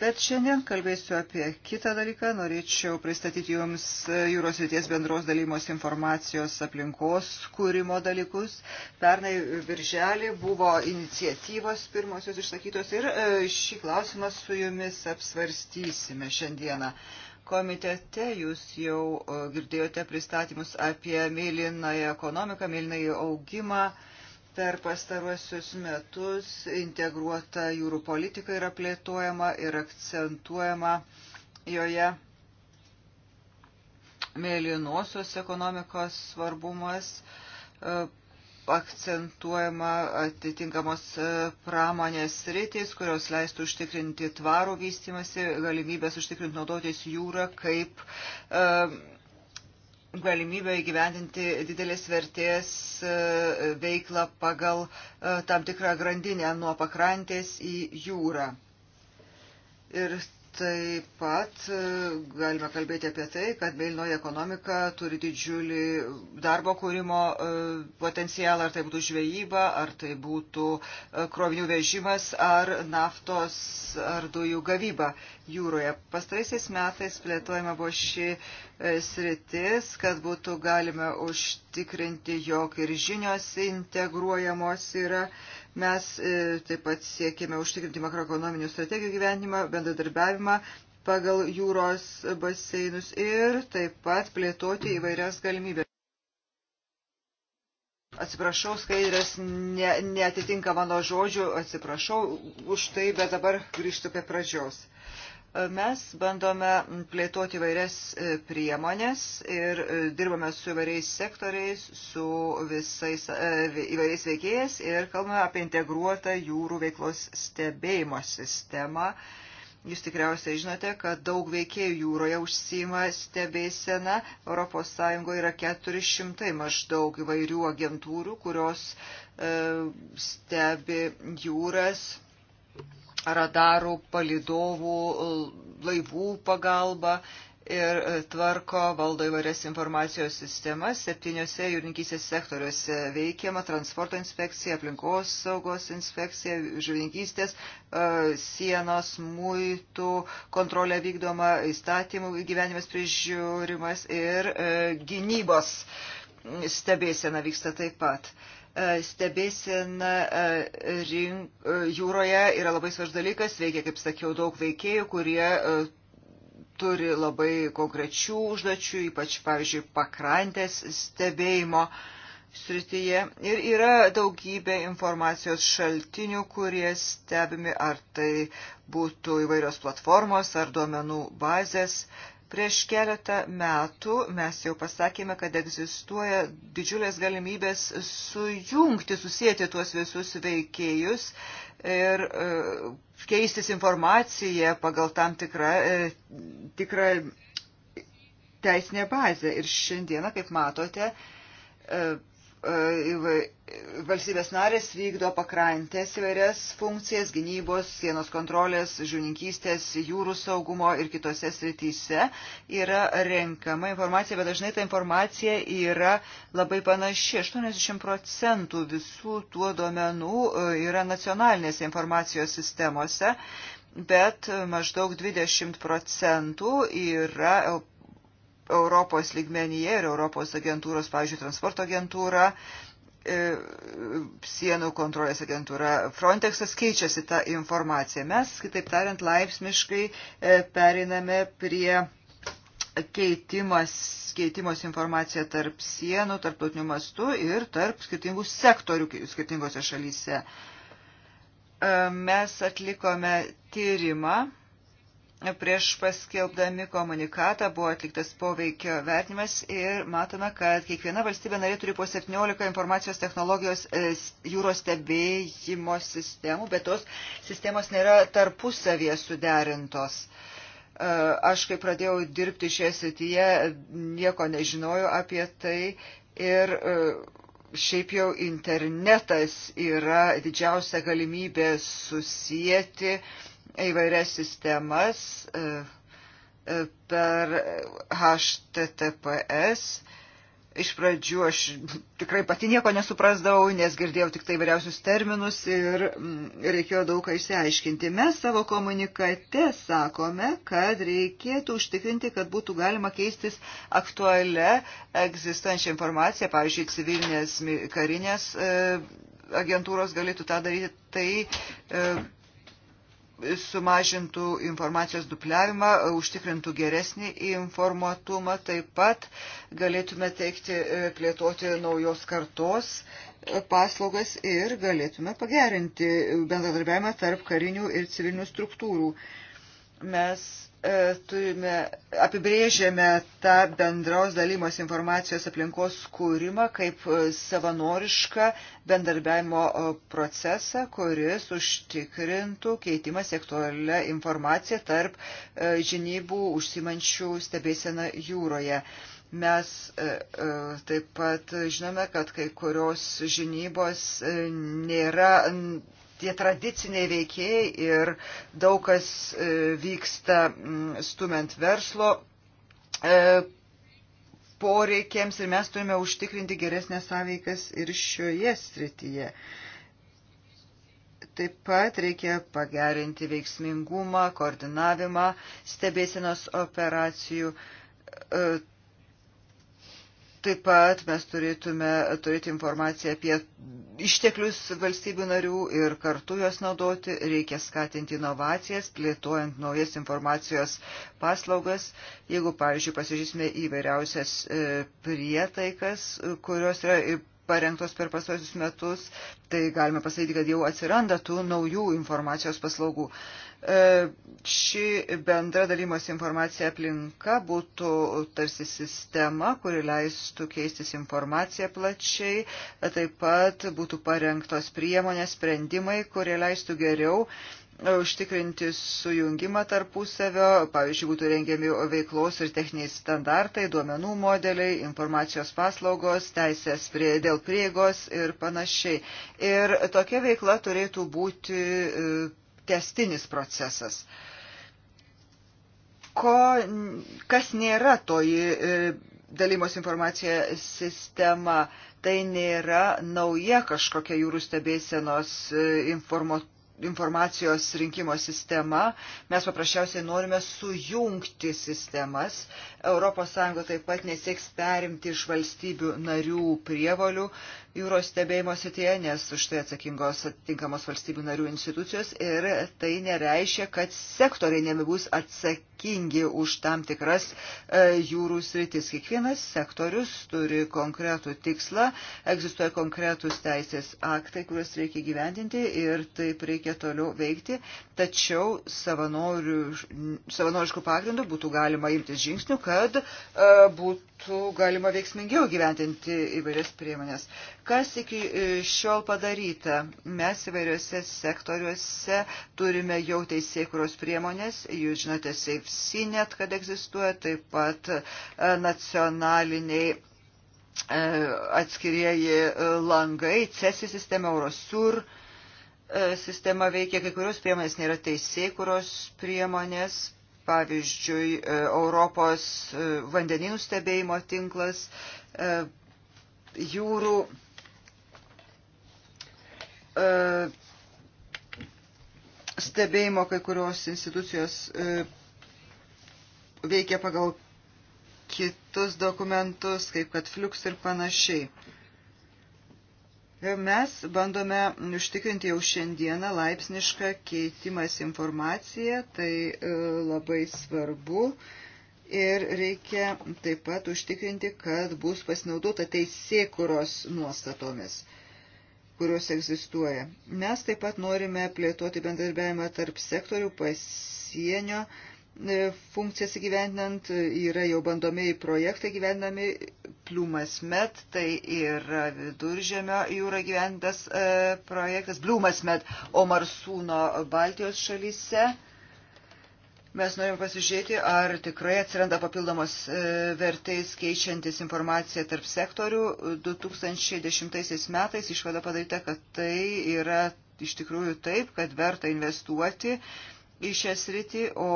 S3: Bet šiandien kalbėsiu apie kitą dalyką. Norėčiau pristatyti Jums jūros ryties bendros dalymos informacijos aplinkos kūrimo dalykus. Pernai virželį buvo iniciatyvos pirmosios išsakytos ir e, šį klausimą su Jumis apsvarstysime šiandieną. Komitete jūs jau e, girdėjote pristatymus apie mėlynąją ekonomiką, mėlynąją augimą. Per pastaruosius metus integruota jūrų politika yra plėtojama ir akcentuojama joje mėlynosios ekonomikos svarbumas, e, akcentuojama atitinkamos e, pramonės rytis, kurios leistų užtikrinti tvarų vystimasi, galimybės užtikrinti naudotis jūrą kaip e, galimybę įgyvendinti didelės vertės e, veiklą pagal e, tam tikrą grandinę nuo pakrantės į jūrą. Ir Taip pat e, galime kalbėti apie tai, kad mėlynoji ekonomika turi didžiulį darbo kūrimo e, potencialą, ar tai būtų žvejyba, ar tai būtų e, krovinių vežimas, ar naftos, ar dujų gavyba jūroje. Pastaraisiais metais plėtojama buvo ši sritis, kad būtų galima užtikrinti, jog ir žinios integruojamos yra Mes e, taip pat siekėme užtikrinti makroekonominių strategijų gyvenimą, bendradarbiavimą pagal jūros baseinus ir taip pat plėtoti įvairias galimybės. Atsiprašau, skaidrės ne, neatitinka mano žodžių, atsiprašau už tai, bet dabar grįžtu prie pradžios. Uh, Mes bandome plėtoti vairias e, priemonės ir e, dirbame su įvairiais sektoriais, su visais e, įvairiais veikėjais ir kalbame apie integruotą jūrų veiklos stebėjimo sistemą. Jūs tikriausiai žinote, kad daug veikėjų jūroje užsima stebėsena. ES yra 400 maždaug įvairių agentūrų, kurios stebi jūras radarų, palidovų, laivų pagalba ir e, tvarko valdo įvairias informacijos sistemas septyniose jūrininkysės sektoriuose veikiama transporto inspekcija, aplinkos saugos inspekcija, žuvininkystės, e, sienos, muitų, kontrolė vykdoma, įstatymų gyvenimas prižiūrimas ir e, gynybos stebėsena vyksta taip pat. E, stebėsena e, rink, e, jūroje yra labai svarbus dalykas, veikia, kaip sakiau, daug veikėjų, kurie turi labai konkrečių užduočių, ypač, pavyzdžiui, pakrantės stebėjimo srityje. Ir yra daugybė informacijos šaltinių, kurie stebimi, ar tai būtų įvairios platformos ar duomenų bazės. Prieš keletą metų mes jau pasakėme, kad egzistuoja didžiulės galimybės sujungti, susijęti tuos visus veikėjus ir e, keistis informaciją pagal tam tikrą, e, tikrą teisinę bazę. Ir šiandieną, kaip matote, e, E, valstybės narės vykdo pakrantės įvairias funkcijas, gynybos, sienos kontrolės, žuvininkystės, jūrų saugumo ir kitose srityse yra renkama informacija, bet dažnai ta informacija yra labai panaši. 80 procentų visų tuo duomenų e, yra nacionalinėse informacijos sistemose, bet maždaug 20 procentų yra Europos lygmenyje ir Europos agentūros, pavyzdžiui, transporto agentūra, e, sienų kontrolės agentūra Frontexas keičiasi tą informaciją. Mes, kitaip tariant, laipsmiškai e, periname prie keitimas, keitimos informacija tarp sienų, tarptautinių mastų ir tarp skirtingų sektorių skirtingose šalyse. E, mes atlikome tyrimą prieš paskelbdami komunikatą buvo atliktas poveikio vertinimas ir matome, kad kiekviena valstybė narė turi po 17 informacijos technologijos e, jūros stebėjimo sistemų, bet tos sistemos nėra tarpusavėje suderintos. E, aš, kai pradėjau dirbti šioje srityje, nieko nežinojau apie tai ir e, šiaip jau internetas yra didžiausia galimybė susijęti uh, įvairias sistemas e, e, per HTTPS. Iš pradžių aš tikrai pati nieko nesuprasdavau, nes girdėjau tik tai vairiausius terminus ir mm, reikėjo daug ką išsiaiškinti. Mes savo komunikate sakome, kad reikėtų užtikrinti, kad būtų galima keistis aktualią egzistuojančią informaciją, pavyzdžiui, civilinės karinės e, agentūros galėtų tą daryti, tai sumažintų informacijos dupliavimą, užtikrintų geresnį informuotumą, taip pat galėtume teikti, e, plėtoti naujos kartos e, paslaugas ir galėtume pagerinti bendradarbiavimą tarp karinių ir civilinių struktūrų. Mes E, turime, apibrėžėme tą bendros dalymos informacijos aplinkos skūrimą kaip e, savanorišką bendarbiavimo e, procesą, kuris užtikrintų keitimą sektualią informaciją tarp žinybų užsimančių stebėseną jūroje. Mes taip pat žinome, kad kai kurios žinybos nėra tie tradiciniai veikėjai ir daug kas e, vyksta mm, stumiant verslo e, poreikiams ir mes turime užtikrinti geresnės sąveikas ir šioje srityje. Taip pat reikia pagerinti veiksmingumą, koordinavimą stebėsinos operacijų e, Taip pat mes turėtume turėti informaciją apie išteklius valstybių narių ir kartu juos naudoti. Reikia skatinti inovacijas, plėtojant naujas informacijos paslaugas. Jeigu, pavyzdžiui, pasižiūrėsime įvairiausias e, prietaikas, kurios yra parengtos per pasosius metus, tai galime pasakyti, kad jau atsiranda tų naujų informacijos paslaugų. E, ši bendra dalymos informacija aplinka būtų tarsi sistema, kuri leistų keistis informaciją plačiai, e, taip pat būtų parengtos priemonės, sprendimai, kurie leistų geriau užtikrinti sujungimą tarpusavio, pavyzdžiui, būtų rengiami veiklos ir techniniai standartai, duomenų modeliai, informacijos paslaugos, teisės prie, dėl prieigos ir panašiai. Ir tokia veikla turėtų būti e, testinis procesas. Ko, kas nėra toji e, dalymos informacija sistema, tai nėra nauja kažkokia jūrų stebėsenos e, informo, informacijos rinkimo sistema. Mes paprasčiausiai norime sujungti sistemas. ES taip pat nesieks perimti iš valstybių narių prievolių. E, jūros stebėjimo sityje, nes už tai atsakingos atitinkamos valstybių narių institucijos ir tai nereiškia, kad sektoriai nebus atsakingi už tam tikras e, jūrų sritis. Kiekvienas sektorius turi konkretų tikslą, egzistuoja konkretus teisės aktai, kuriuos reikia gyvendinti ir taip reikia toliau veikti, tačiau savanoriškų pagrindų būtų galima imtis žingsnių, kad e, būtų galima veiksmingiau gyventinti įvairias priemonės. Kas iki e, šiol padaryta? Mes įvairiuose sektoriuose turime jau teisėkuros priemonės, jūs žinote, SafeSynet, kad egzistuoja, taip pat e, nacionaliniai e, atskirieji langai, CESI sistema, Eurosur sistema veikia, kai kurios priemonės nėra teisėkuros priemonės, pavyzdžiui, Europos vandeninų stebėjimo tinklas, jūrų E, stebėjimo kai kurios institucijos e, veikia pagal kitus dokumentus, kaip kad fliuks ir panašiai. Mes bandome užtikrinti jau šiandieną laipsnišką keitimas informaciją, tai e, labai svarbu. Ir reikia taip pat užtikrinti, kad bus pasinaudota teisėkuros nuostatomis kurios egzistuoja. Mes taip pat norime plėtoti bendradarbiavimą tarp sektorių pasienio e, funkcijas įgyvendinant, yra jau bandomieji projektai gyvendami, Plumas Met, tai yra viduržėmio jūra gyventas e, projektas, Plumas Met, o Marsūno Baltijos šalyse. Mes norim pasižiūrėti, ar tikrai atsiranda papildomos e, vertės keičiantis informaciją tarp sektorių. 2010 metais išvada padaryta, kad tai yra iš tikrųjų taip, kad verta investuoti į šią sritį, o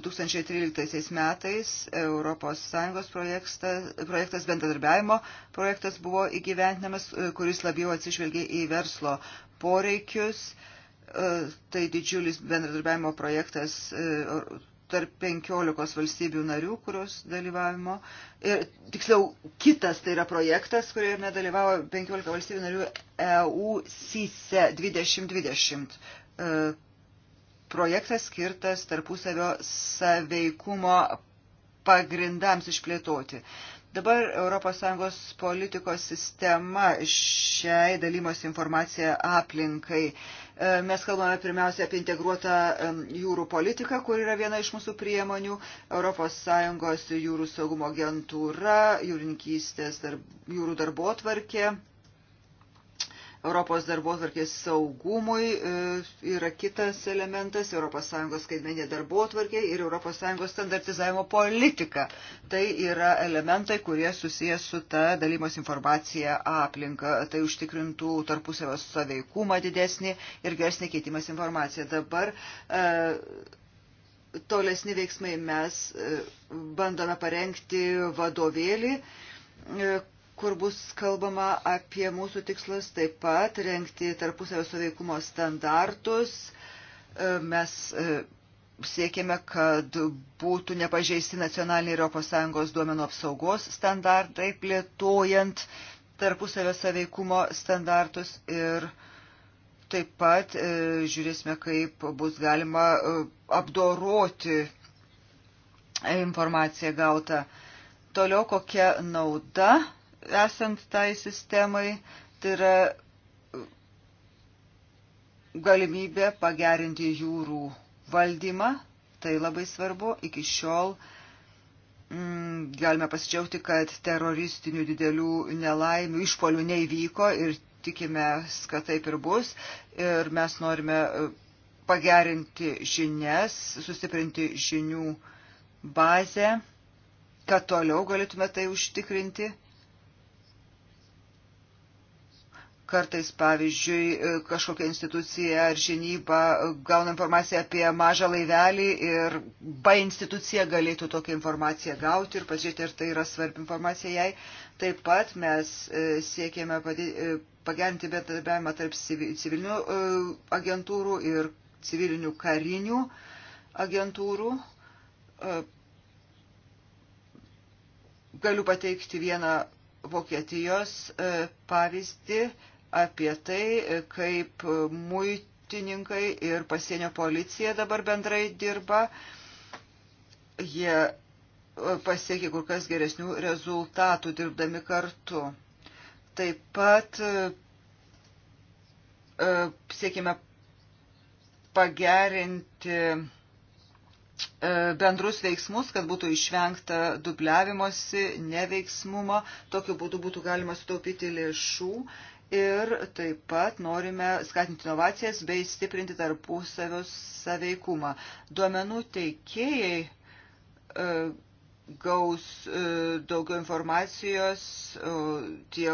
S3: 2013 e, metais ES projektas, projektas bendradarbiavimo projektas buvo įgyventinamas, e, kuris labiau atsižvelgia į verslo poreikius. E, E, tai didžiulis bendradarbiavimo projektas e, tarp 15 valstybių narių, kurios dalyvavimo. Ir tiksliau, kitas tai yra projektas, kuriame dalyvavo 15 valstybių narių EU SISE 2020. Projektas skirtas tarpusavio saveikumo pagrindams išplėtoti. Dabar ES politikos sistema šiai dalymos informacija aplinkai. E, mes kalbame pirmiausia apie integruotą e, jūrų politiką, kur yra viena iš mūsų priemonių, ES jūrų saugumo agentūra, jūrininkystės darb, jūrų darbotvarkė, Europos darbotvarkės saugumui e, yra kitas elementas, ES skaitmenė darbotvarkė ir ES standartizavimo politika. Tai yra elementai, kurie susijęs su ta dalymos informacija aplinka. Tai užtikrintų tarpusavio saveikumą didesnį ir geresnį keitimas informaciją. Dabar e, tolesni veiksmai mes e, bandome parengti vadovėlį kur bus kalbama apie mūsų tikslus, taip pat renkti tarpusavio suveikumo standartus. E, mes e, siekėme, kad būtų nepažeisti nacionaliniai ES duomenų apsaugos standartai, plėtojant tarpusavio saveikumo standartus ir taip pat e, žiūrėsime, kaip bus galima apdoroti informaciją gautą. Toliau kokia nauda esant tai sistemai, tai yra galimybė pagerinti jūrų valdymą, tai labai svarbu. Iki šiol mm, galime pasidžiaugti, kad teroristinių didelių nelaimių išpolių neįvyko ir tikime, kad taip ir bus. Ir mes norime e, pagerinti žinias, sustiprinti žinių bazę, kad toliau galėtume tai užtikrinti. Kartais, pavyzdžiui, kažkokia institucija ar žinyba gauna informaciją apie mažą laivelį ir ba institucija galėtų tokią informaciją gauti ir pažiūrėti, ar tai yra svarbi informacija jai. Taip pat mes e, siekėme e, pagerinti bendradarbiavimą tarp civilinių e, agentūrų ir civilinių karinių agentūrų galiu pateikti vieną Vokietijos pavyzdį apie tai, kaip muitininkai ir pasienio policija dabar bendrai dirba. Jie pasiekė kur kas geresnių rezultatų dirbdami kartu. Taip pat e, siekime pagerinti e, bendrus veiksmus, kad būtų išvengta dubliavimosi, neveiksmumo. Tokiu būdu būtų galima sutaupyti lėšų ir taip pat norime skatinti inovacijas bei stiprinti tarpusavio saveikumą. Duomenų teikėjai e, gaus e, daugiau informacijos, e, tie,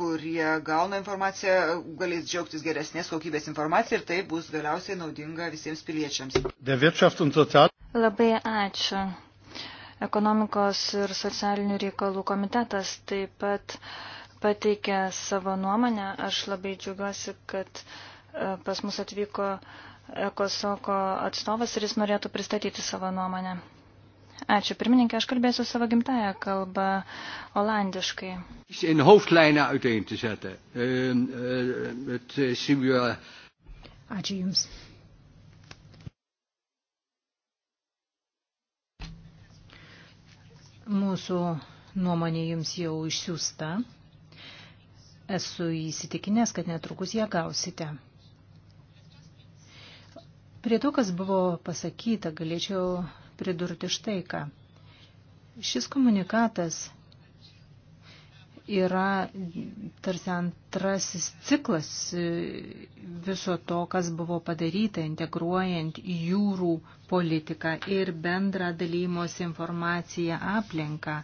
S3: kurie gauna informaciją, galės džiaugtis geresnės kokybės informaciją ir tai bus galiausiai naudinga visiems piliečiams.
S2: Labai ačiū. Ekonomikos ir socialinių reikalų komitetas taip pat uh, pateikė savo nuomonę. Aš labai džiugiuosi, kad e, pas mus atvyko Ekosoko atstovas ir jis norėtų pristatyti savo nuomonę. Ačiū, pirmininkė, aš kalbėsiu savo gimtają kalbą olandiškai.
S3: Eh, eh, eh,
S1: Ačiū Jums. Mūsų nuomonė Jums jau išsiųsta. Esu įsitikinęs, kad netrukus ją gausite. Prie to, kas buvo pasakyta, galėčiau pridurti štai ką. Šis komunikatas yra tarsi antrasis ciklas viso to, kas buvo padaryta, integruojant jūrų politiką ir bendrą dalymosi informaciją aplinką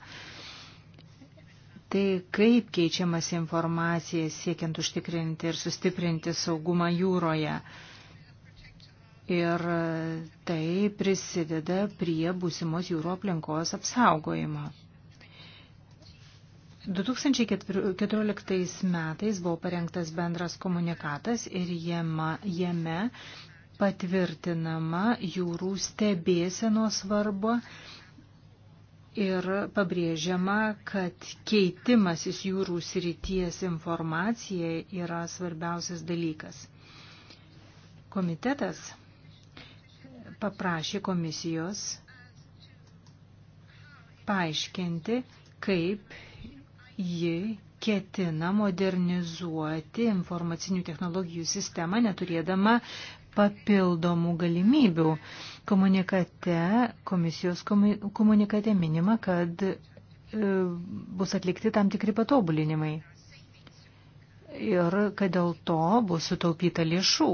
S1: tai, kaip keičiamas informacija siekiant užtikrinti ir sustiprinti saugumą jūroje. Ir tai prisideda prie būsimos jūro aplinkos apsaugojimo. 2014 metais buvo parengtas bendras komunikatas ir jame, jame patvirtinama jūrų stebėseno svarba ir pabrėžiama, kad keitimasis jūrų srities informacija yra svarbiausias dalykas. Komitetas paprašė komisijos paaiškinti, kaip ji ketina modernizuoti informacinių technologijų sistemą, neturėdama papildomų galimybių. Komunikate, komisijos komunikate minima, kad e, bus atlikti tam tikri patobulinimai ir kad dėl to bus sutaupyta lėšų.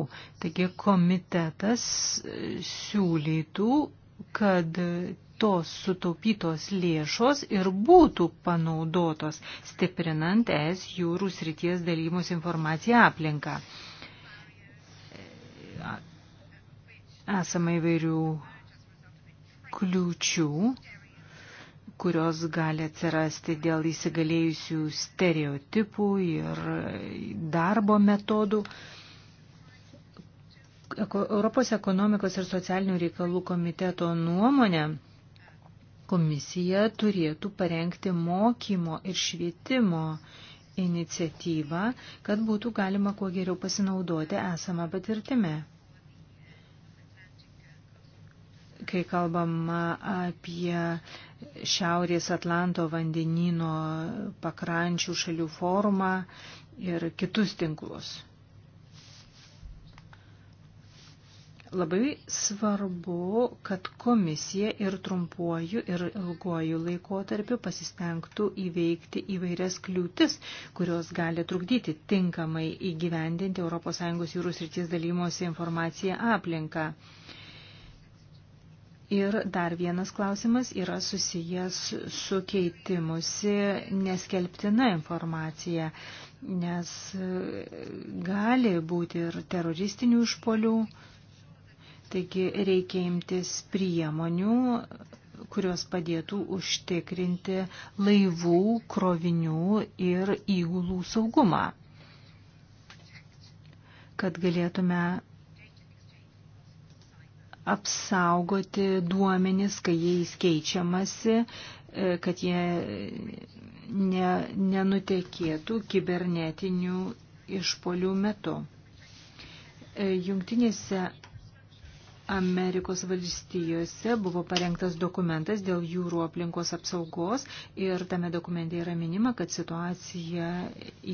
S1: Taigi komitetas e, siūlytų, kad tos sutaupytos lėšos ir būtų panaudotos, stiprinant es jūrų srities dalymus informaciją aplinką. Esama įvairių kliūčių, kurios gali atsirasti dėl įsigalėjusių stereotipų ir darbo metodų. Europos ekonomikos ir socialinių reikalų komiteto nuomonė komisija turėtų parengti mokymo ir švietimo iniciatyvą, kad būtų galima kuo geriau pasinaudoti esamą patirtimę. kai kalbama apie Šiaurės Atlanto vandenino pakrančių šalių formą ir kitus tinklus. Labai svarbu, kad komisija ir trumpuoju, ir ilguoju laikotarpiu pasistengtų įveikti įvairias kliūtis, kurios gali trukdyti tinkamai įgyvendinti ES jūrų srities dalymosi informaciją aplinką. Ir dar vienas klausimas yra susijęs su keitimusi neskelbtina informacija, nes e, gali būti ir teroristinių išpolių, taigi reikia imtis priemonių, kurios padėtų užtikrinti laivų, krovinių ir įgulų saugumą, kad galėtume apsaugoti duomenis, kai jais keičiamasi, e, kad jie ne, nenutekėtų kibernetinių išpolių metu. E, Jungtinėse Amerikos valstijose buvo parengtas dokumentas dėl jūrų aplinkos apsaugos ir tame dokumente yra minima, kad situacija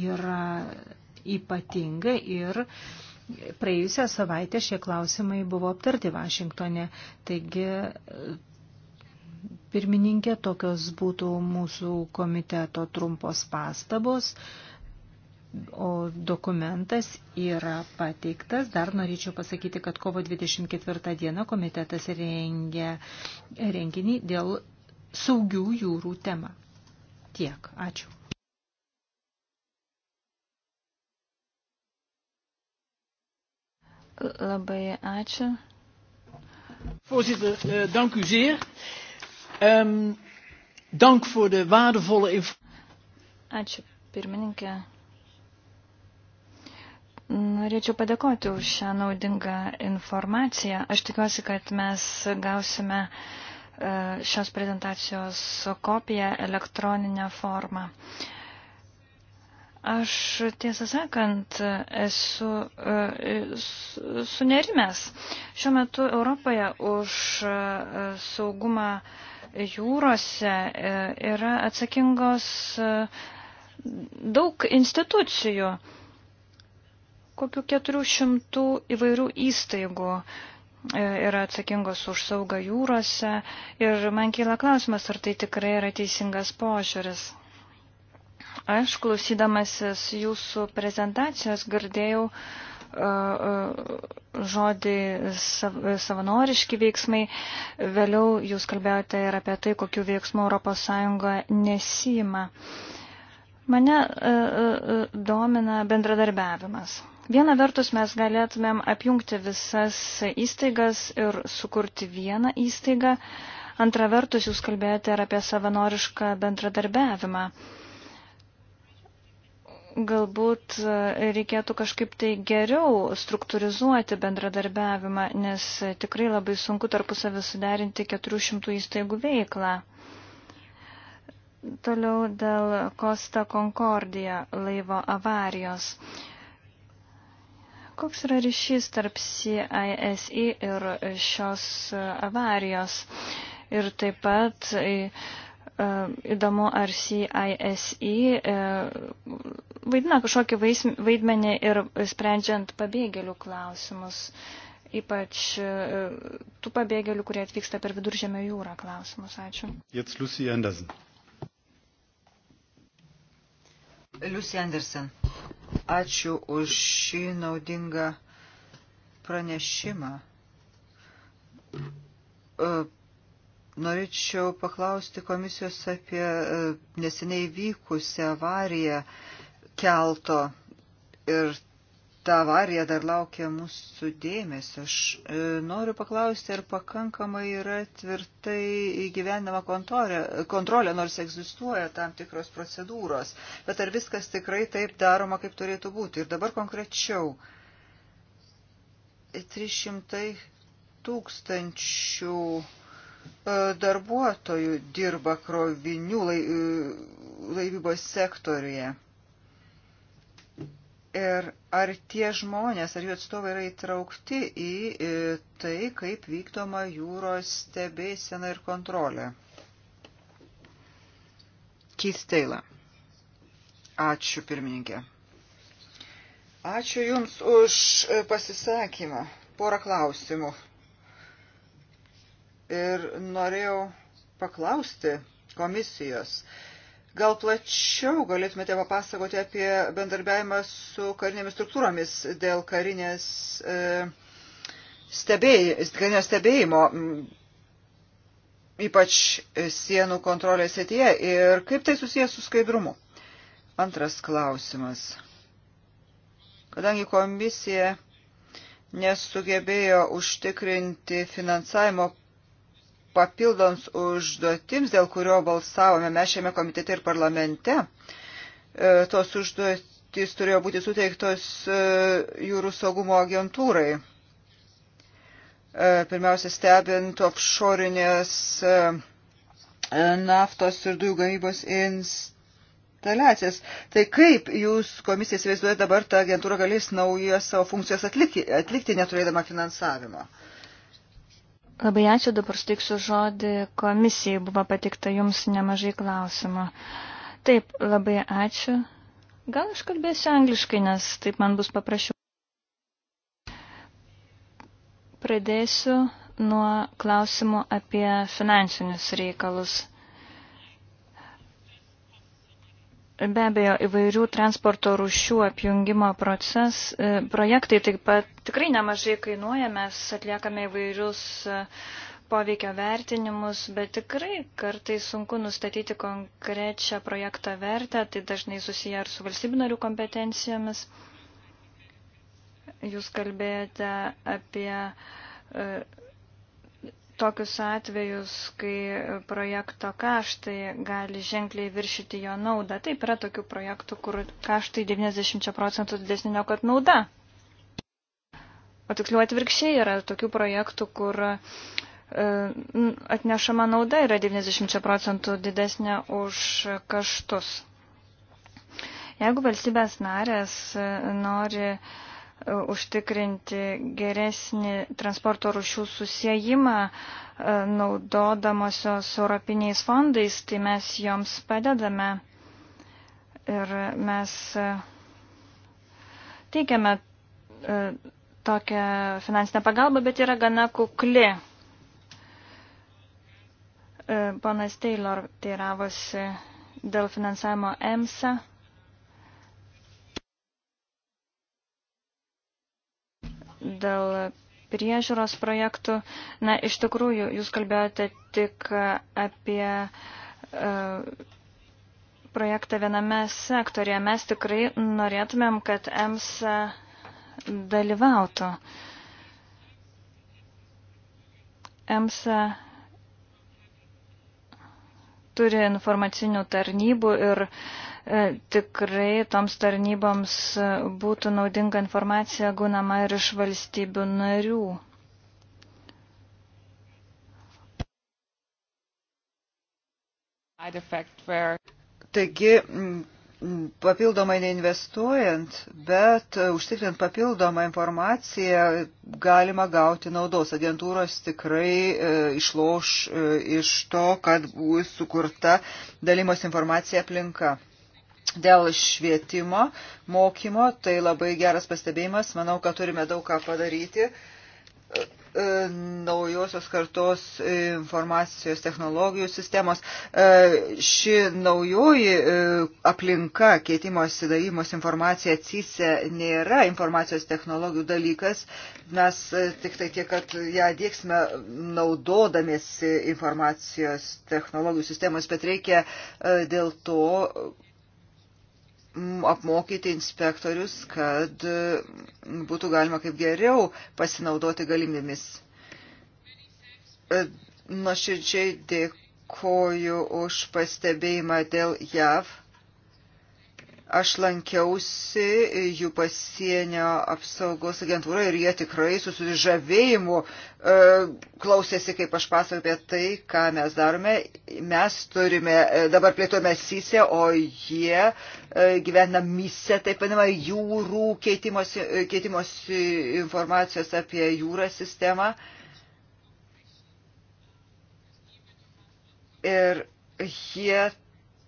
S1: yra ypatinga ir e, Praėjusią savaitę šie klausimai buvo aptarti Vašingtone, taigi pirmininkė tokios būtų mūsų komiteto trumpos pastabos. O dokumentas yra pateiktas. Dar norėčiau pasakyti, kad kovo 24 dieną komitetas rengia renginį dėl saugių jūrų temą. Tiek. Ačiū.
S2: Labai ačiū. Voorzitter, eh, dank u zeer. Um, dank voor de waardevolle informatie. Ačiū, pirmininkė. Norėčiau padėkoti už šią naudingą informaciją. Aš tikiuosi, kad mes gausime eh, šios prezentacijos kopiją elektroninę formą. Aš tiesą sakant esu e, sunerimęs. Šiuo metu Europoje už e, saugumą jūrose e, yra atsakingos daug institucijų, kokiu 400 įvairių įstaigų yra atsakingos už saugą jūrose ir man kyla klausimas, ar tai tikrai yra teisingas požiūris. Aš klausydamasis jūsų prezentacijos girdėjau e, e, žodį savanoriški veiksmai. Vėliau jūs kalbėjote ir apie tai, kokiu veiksmu ES nesima. Mane e, domina bendradarbiavimas. Viena vertus mes galėtumėm apjungti visas įstaigas ir sukurti vieną įstaigą. Antra vertus, jūs kalbėjote ir apie savanorišką bendradarbiavimą galbūt e, reikėtų kažkaip tai geriau struktūrizuoti bendradarbiavimą, nes tikrai labai sunku tarpusavį suderinti 400 įstaigų veiklą. Toliau dėl Costa Concordia laivo avarijos. Koks yra ryšys tarp CISI ir šios avarijos? Ir taip pat e, E, įdomu, ar CISI e, e, vaidina kažkokį vaidmenį ir sprendžiant pabėgėlių klausimus, ypač tų pabėgėlių, kurie atvyksta per viduržėmio jūrą klausimus. Ačiū.
S1: Jetzt Lucy Anderson.
S3: Lucy Anderson, ačiū už šį naudingą pranešimą. Uh, Norėčiau paklausti komisijos apie e, neseniai vykusią avariją kelto ir ta avarija dar laukia mūsų dėmesio. Aš e, noriu paklausti, ar pakankamai yra tvirtai įgyvenama kontrolė, nors egzistuoja tam tikros procedūros, bet ar viskas tikrai taip daroma, kaip turėtų būti. Ir dabar konkrečiau. 300 tūkstančių E, darbuotojų dirba krovinių e, laivybos sektoriuje. Ir ar tie žmonės, ar jų atstovai yra įtraukti į tai, kaip vykdoma jūros stebėsena ir kontrolė? Keisteila. Ačiū, pirmininkė. Ačiū Jums už pasisakymą. Porą klausimų ir norėjau paklausti komisijos. Gal plačiau galėtumėte papasakoti apie bendarbiavimą su karinėmis struktūromis dėl karinės, e, stebėj, karinio stebėjimo, ypač sienų kontrolės atėje ir kaip tai susijęs su skaidrumu. Antras klausimas. Kadangi komisija nesugebėjo užtikrinti finansavimo papildoms užduotims, dėl kurio balsavome mes šiame komitete ir parlamente. E, tos užduotys turėjo būti suteiktos e, jūrų saugumo agentūrai. E, pirmiausia, stebint offshorinės naftos ir dujų gamybos instaliacijas. Tai kaip jūs komisija įsivaizduoja dabar tą agentūrą galės naujas savo funkcijas atlikti, atlikti neturėdama finansavimo? Uh,
S2: Labai ačiū, dabar steiksiu žodį komisijai, buvo patikta jums nemažai klausimų. Taip, labai ačiū. Gal aš kalbėsiu angliškai, nes taip man bus paprašiau. Pradėsiu nuo klausimų apie finansinius reikalus. Be abejo, įvairių transporto rušių apjungimo proces, e, projektai taip pat tikrai nemažai kainuoja, mes atliekame įvairius e, poveikio vertinimus, bet tikrai kartai sunku nustatyti konkrečią projekto vertę, tai dažnai susiję ir su valstybinarių kompetencijomis. Jūs kalbėjote apie e, tokius atvejus, kai projekto kaštai gali ženkliai viršyti jo naudą. Taip yra tokių projektų, kur kaštai 90 procentų didesnė negu kad nauda. O tiksliau atvirkščiai yra tokių projektų, kur e, atnešama nauda yra 90 procentų didesnė už kaštus. Jeigu valstybės narės e, nori uh, E, užtikrinti geresnį transporto rušių susijimą e, naudodamosios europiniais fondais, tai mes joms padedame ir mes e, teikiame tokią finansinę pagalbą, bet yra gana kukli. Ponas Taylor teiravosi dėl finansavimo EMSA. dėl priežiūros projektų. Na, iš tikrųjų, jūs kalbėjote tik apie e, projektą viename sektorėje. Mes tikrai norėtumėm, kad EMSA dalyvautų. EMSA turi informacinių tarnybų ir uh, E, tikrai toms tarnyboms būtų naudinga informacija gaunama ir iš valstybių narių.
S3: Taigi, papildomai neinvestuojant, bet e, užtikrint papildomą informaciją galima gauti naudos. Agentūros tikrai e, išloš e, iš to, kad bus sukurta dalimos informacija aplinka. Dėl švietimo, mokymo, tai labai geras pastebėjimas, manau, kad turime daug ką padaryti e, e, naujosios kartos informacijos technologijų sistemos. E, ši naujoji aplinka keitimosi dalymos informacija CISE nėra informacijos technologijų dalykas. Mes tik tai tiek, kad ją dėksime naudodamėsi informacijos technologijų sistemos, bet reikia dėl to apmokyti inspektorius, kad būtų galima kaip geriau pasinaudoti galimybėmis. E, nuoširdžiai dėkoju už pastebėjimą dėl JAV Aš lankiausi jų pasienio apsaugos agentūrą ir jie tikrai su sužavėjimu e, klausėsi, kaip aš pasakoju apie tai, ką mes darome. Mes turime, e, dabar plėtojame sysę, o jie e, gyvena misę, taip vadinamą, jūrų keitimosi, e, keitimosi informacijos apie jūrą sistemą. Ir jie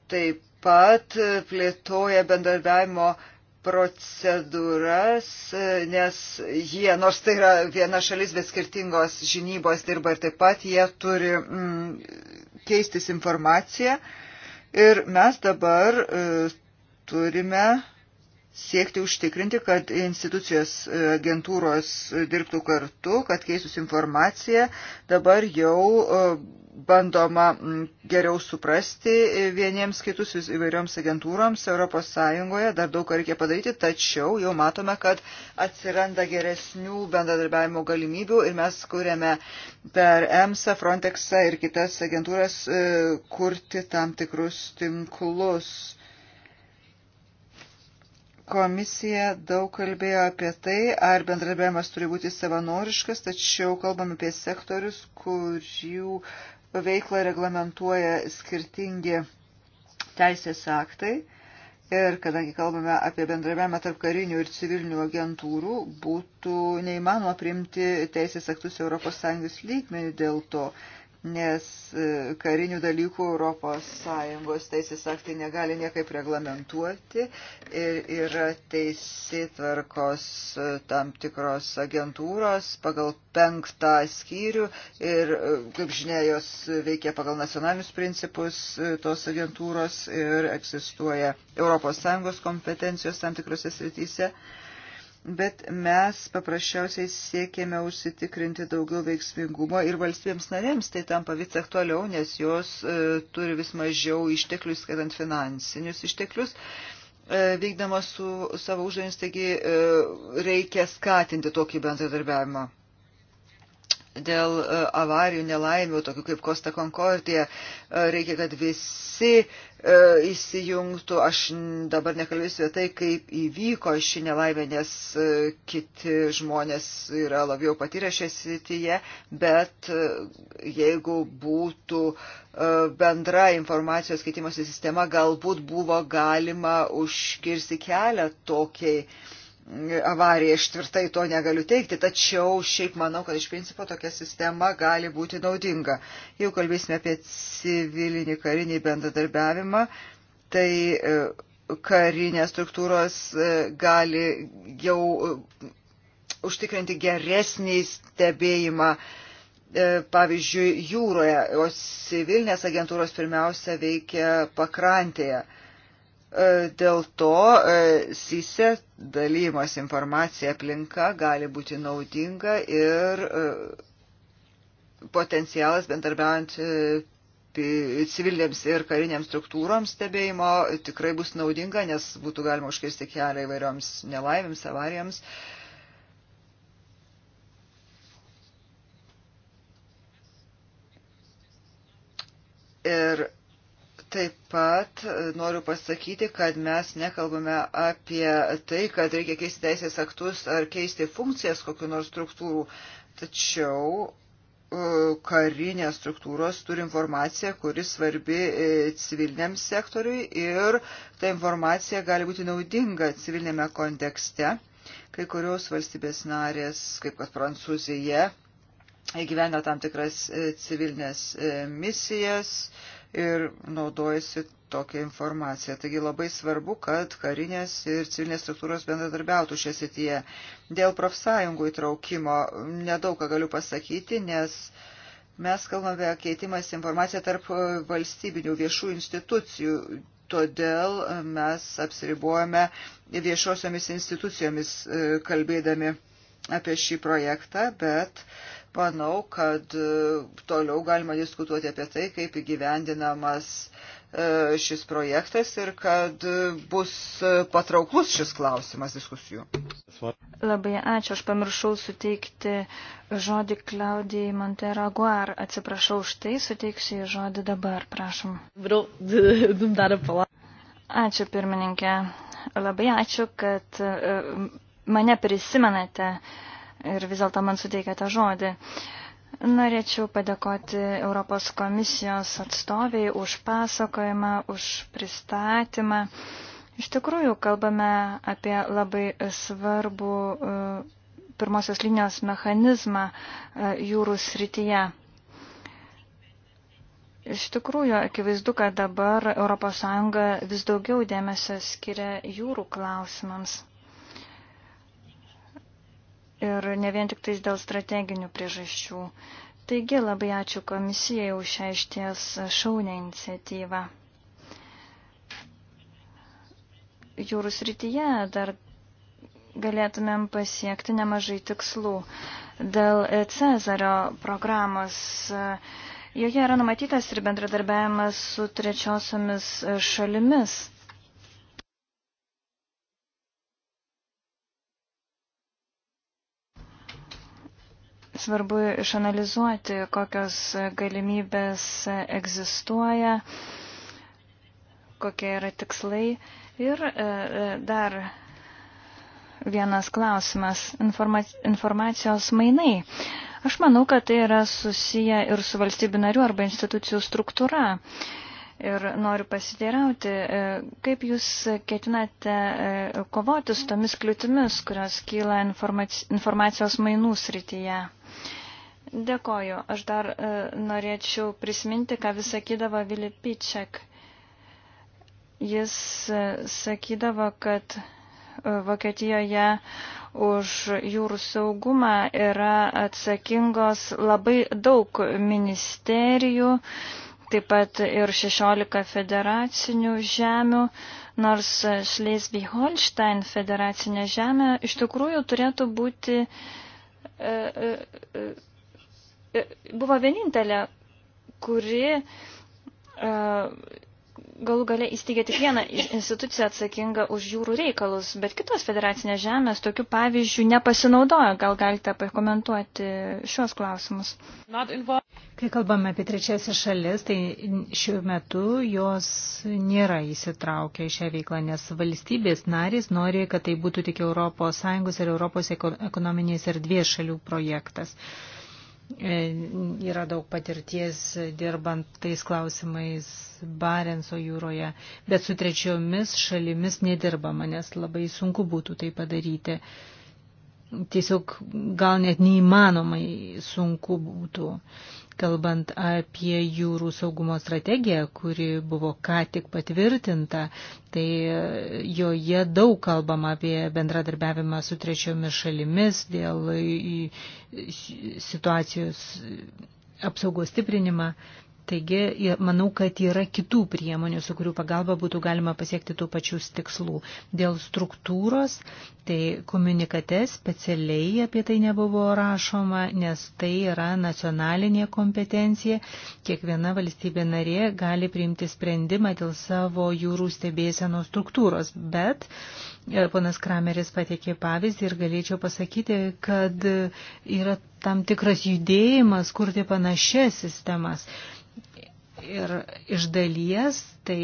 S3: taip pat plėtoja bendradarbiavimo procedūras, nes jie, nors tai yra viena šalis, bet skirtingos žinybos dirba ir taip pat jie turi mm, keistis informaciją. Ir mes dabar e, turime siekti užtikrinti, kad institucijos e, agentūros e, dirbtų kartu, kad keistus informaciją. Dabar jau e, bandoma geriau suprasti vieniems kitus įvairioms agentūroms ES. Dar daug ką reikia padaryti, tačiau jau matome, kad atsiranda geresnių bendradarbiavimo galimybių ir mes kuriame per EMSA, Frontexą ir kitas agentūras kurti tam tikrus tinklus Komisija daug kalbėjo apie tai, ar bendradarbiavimas turi būti savanoriškas, tačiau kalbam apie sektorius, kurių veiklą reglamentuoja skirtingi teisės aktai. Ir kadangi kalbame apie bendravimą tarp karinių ir civilinių agentūrų, būtų neįmanoma priimti teisės aktus ES lygmenį dėl to nes e, karinių dalykų ES teisės aktai negali niekaip reglamentuoti ir yra teisėtvarkos e, tam tikros agentūros pagal penktą skyrių ir, e, kaip žinia, jos veikia pagal nacionalinius principus tos agentūros ir egzistuoja ES kompetencijos tam tikrose srityse bet mes paprasčiausiai siekėme užsitikrinti daugiau veiksmingumo ir valstybėms narėms tai tampa vis aktualiau, nes jos e, turi vis mažiau išteklių, skaitant finansinius išteklius. E, vykdama su savo užduotimis, taigi e, reikia skatinti tokį bendradarbiavimą dėl e, avarijų, nelaimių, tokių kaip Kosta Concordia. E, reikia, kad visi e, įsijungtų. Aš dabar nekalbėsiu apie tai, kaip įvyko ši nelaimė, nes kiti žmonės yra labiau patyrę šią srityje, bet jeigu būtų bendra informacijos keitimosi sistema, galbūt buvo galima užkirsti kelią tokiai uh, avariją, aš tvirtai to negaliu teikti, tačiau šiaip manau, kad iš principo tokia sistema gali būti naudinga. Jau kalbėsime apie civilinį karinį bendradarbiavimą, tai e, karinės struktūros e, gali jau e, užtikrinti geresnį stebėjimą, pavyzdžiui, jūroje, o civilinės agentūros pirmiausia veikia pakrantėje. E, dėl to e, SISE dalymas informacija aplinka gali būti naudinga ir e, potencialas bendarbiaujant civiliniams ir kariniams struktūroms stebėjimo tikrai bus naudinga, nes būtų galima užkirsti kelią įvairioms nelaimėms, avarijoms. Ir Taip pat e, noriu pasakyti, kad mes nekalbame apie tai, kad reikia keisti teisės aktus ar keisti funkcijas kokiu nors struktūrų. Tačiau e, karinės struktūros turi informaciją, kuri svarbi e, civiliniam sektoriui ir ta informacija gali būti naudinga civilinėme kontekste. Kai kurios valstybės narės, kaip kad Prancūzija, įgyvena tam tikras civilinės misijas, ir naudojasi tokią informaciją. Taigi labai svarbu, kad karinės ir civilinės struktūros bendradarbiautų šią sityje. Dėl profsąjungų įtraukimo nedaug ką galiu pasakyti, nes mes kalbame apie keitimas informaciją tarp valstybinių viešų institucijų. Todėl mes apsiribuojame viešosiomis institucijomis e, kalbėdami apie šį projektą, bet manau, kad e, toliau galima diskutuoti apie tai, kaip įgyvendinamas e, šis projektas ir kad e, bus patrauklus šis klausimas diskusijų.
S2: Labai ačiū, aš pamiršau suteikti žodį Klaudijai Monteraguar. Atsiprašau už tai, suteiksiu jį žodį dabar, prašom. Ačiū pirmininkė. Labai ačiū, kad mane prisimenate. Uh, ir vis dėlto man suteikėte žodį. Norėčiau padėkoti Europos komisijos atstoviai už pasakojimą, už pristatymą. Iš tikrųjų, kalbame apie labai svarbų e, pirmosios linijos mechanizmą e, jūrų srityje. Iš tikrųjų, akivaizdu, kad dabar ES vis daugiau dėmesio skiria jūrų klausimams ir ne vien tik tais dėl strateginių priežasčių. Taigi labai ačiū komisijai už šią išties šaunę iniciatyvą. Jūrų srityje dar galėtumėm pasiekti nemažai tikslų. Dėl Cezario programos joje yra numatytas ir bendradarbiavimas su trečiosiomis šalimis. Svarbu išanalizuoti, kokios galimybės egzistuoja, kokie yra tikslai. Ir e, e, dar vienas klausimas - informacijos mainai. Aš manau, kad tai yra susiję ir su valstybių narių arba institucijų struktūra. Ir noriu pasiteirauti, e, kaip Jūs ketinate e, kovoti su tomis kliūtimis, kurios kyla informacijos mainų srityje. Dėkoju. Aš dar e, norėčiau prisiminti, ką vis sakydavo Vili Piček. Jis sakydavo, kad Vokietijoje už jūrų saugumą yra atsakingos labai daug ministerijų taip pat ir 16 federacinių žemių, nors Schleswig-Holstein federacinė žemė iš tikrųjų turėtų būti, e, e, e, buvo vienintelė, kuri galų gale įsteigė tik vieną instituciją atsakingą už jūrų reikalus, bet kitos federacinės žemės tokių pavyzdžių nepasinaudojo. Gal galite pakomentuoti šios klausimus?
S1: Kai kalbame apie trečiasias šalis, tai šiuo metu jos nėra įsitraukę į šią veiklą, nes valstybės narys nori, kad tai būtų tik ES ir ES ekonominės erdvės šalių projektas. Uh, E, yra daug patirties dirbant tais klausimais Barenso jūroje, bet su trečiomis šalimis nedirbama, nes labai sunku būtų tai padaryti. Tiesiog gal net neįmanomai sunku būtų. Uh, kalbant apie jūrų saugumo strategiją, kuri buvo ką tik patvirtinta, tai joje daug kalbama apie bendradarbiavimą su trečiomis šalimis dėl situacijos apsaugos stiprinimą. Taigi, manau, kad yra kitų priemonių, su kurių pagalba būtų galima pasiekti tų pačius tikslų. Dėl struktūros, tai komunikate specialiai apie tai nebuvo rašoma, nes tai yra nacionalinė kompetencija. Kiekviena valstybė narė gali priimti sprendimą dėl savo jūrų stebėseno struktūros, bet e, ponas Krameris pateikė pavyzdį ir galėčiau pasakyti, kad yra tam tikras judėjimas kurti panašias sistemas. Ir iš dalies tai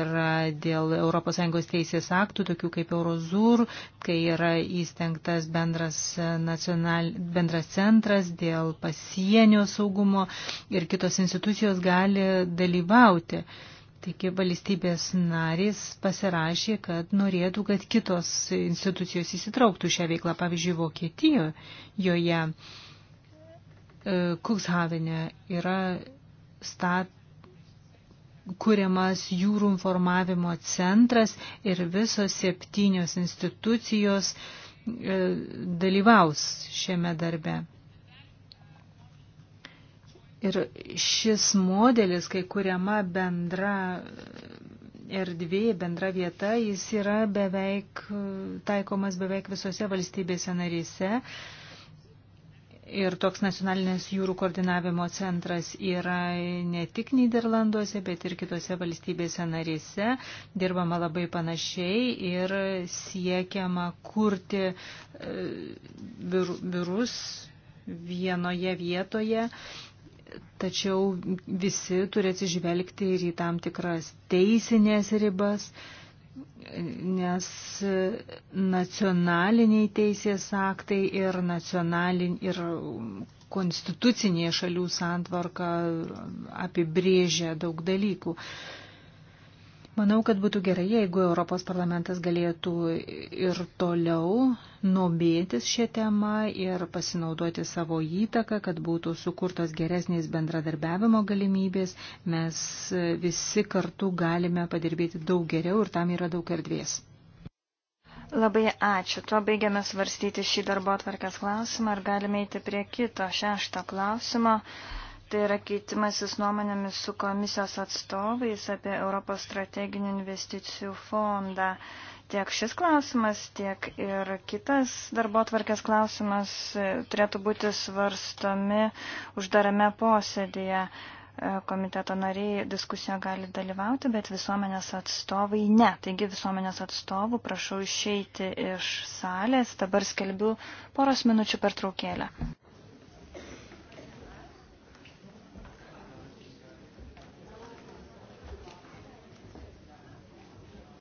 S1: yra dėl ES teisės aktų, tokių kaip Eurozur, kai yra įstengtas bendras, nacional, bendras centras dėl pasienio saugumo ir kitos institucijos gali dalyvauti. Taigi valstybės narys pasirašė, kad norėtų, kad kitos institucijos įsitrauktų šią veiklą. Pavyzdžiui, Vokietijoje, joje Kukshavenė yra stat kuriamas jūrų informavimo centras ir visos septynios institucijos e, dalyvaus šiame darbe. Ir šis modelis, kai kuriama bendra erdvė, bendra vieta, jis yra beveik taikomas beveik visose valstybėse narėse. Ir toks nacionalinės jūrų koordinavimo centras yra ne tik Niderlanduose, bet ir kitose valstybėse narėse. Dirbama labai panašiai ir siekiama kurti e, biurus vienoje vietoje. Tačiau visi turi atsižvelgti ir į tam tikras teisinės ribas. Uh, nes nacionaliniai teisės aktai ir, nacionalin, ir konstitucinė šalių santvarka apibrėžia daug dalykų. Manau, kad būtų gerai, jeigu Europos parlamentas galėtų ir toliau nomėtis šią temą ir pasinaudoti savo įtaką, kad būtų sukurtos geresnės bendradarbiavimo galimybės. Mes visi kartu galime padirbėti daug geriau ir tam yra daug erdvės.
S2: Labai ačiū. Tuo baigiame svarstyti šį darbo atvarkės klausimą ir galime eiti prie kito šešto klausimo. Tai yra keitimasis nuomonėmis su komisijos atstovais apie Europos strateginių investicijų fondą. Tiek šis klausimas, tiek ir kitas darbo tvarkės klausimas e, turėtų būti svarstomi uždarame posėdėje. E, komiteto nariai diskusijoje gali dalyvauti, bet visuomenės atstovai ne. Taigi visuomenės atstovų prašau išeiti iš salės. Dabar skelbiu poros minučių per traukėlę.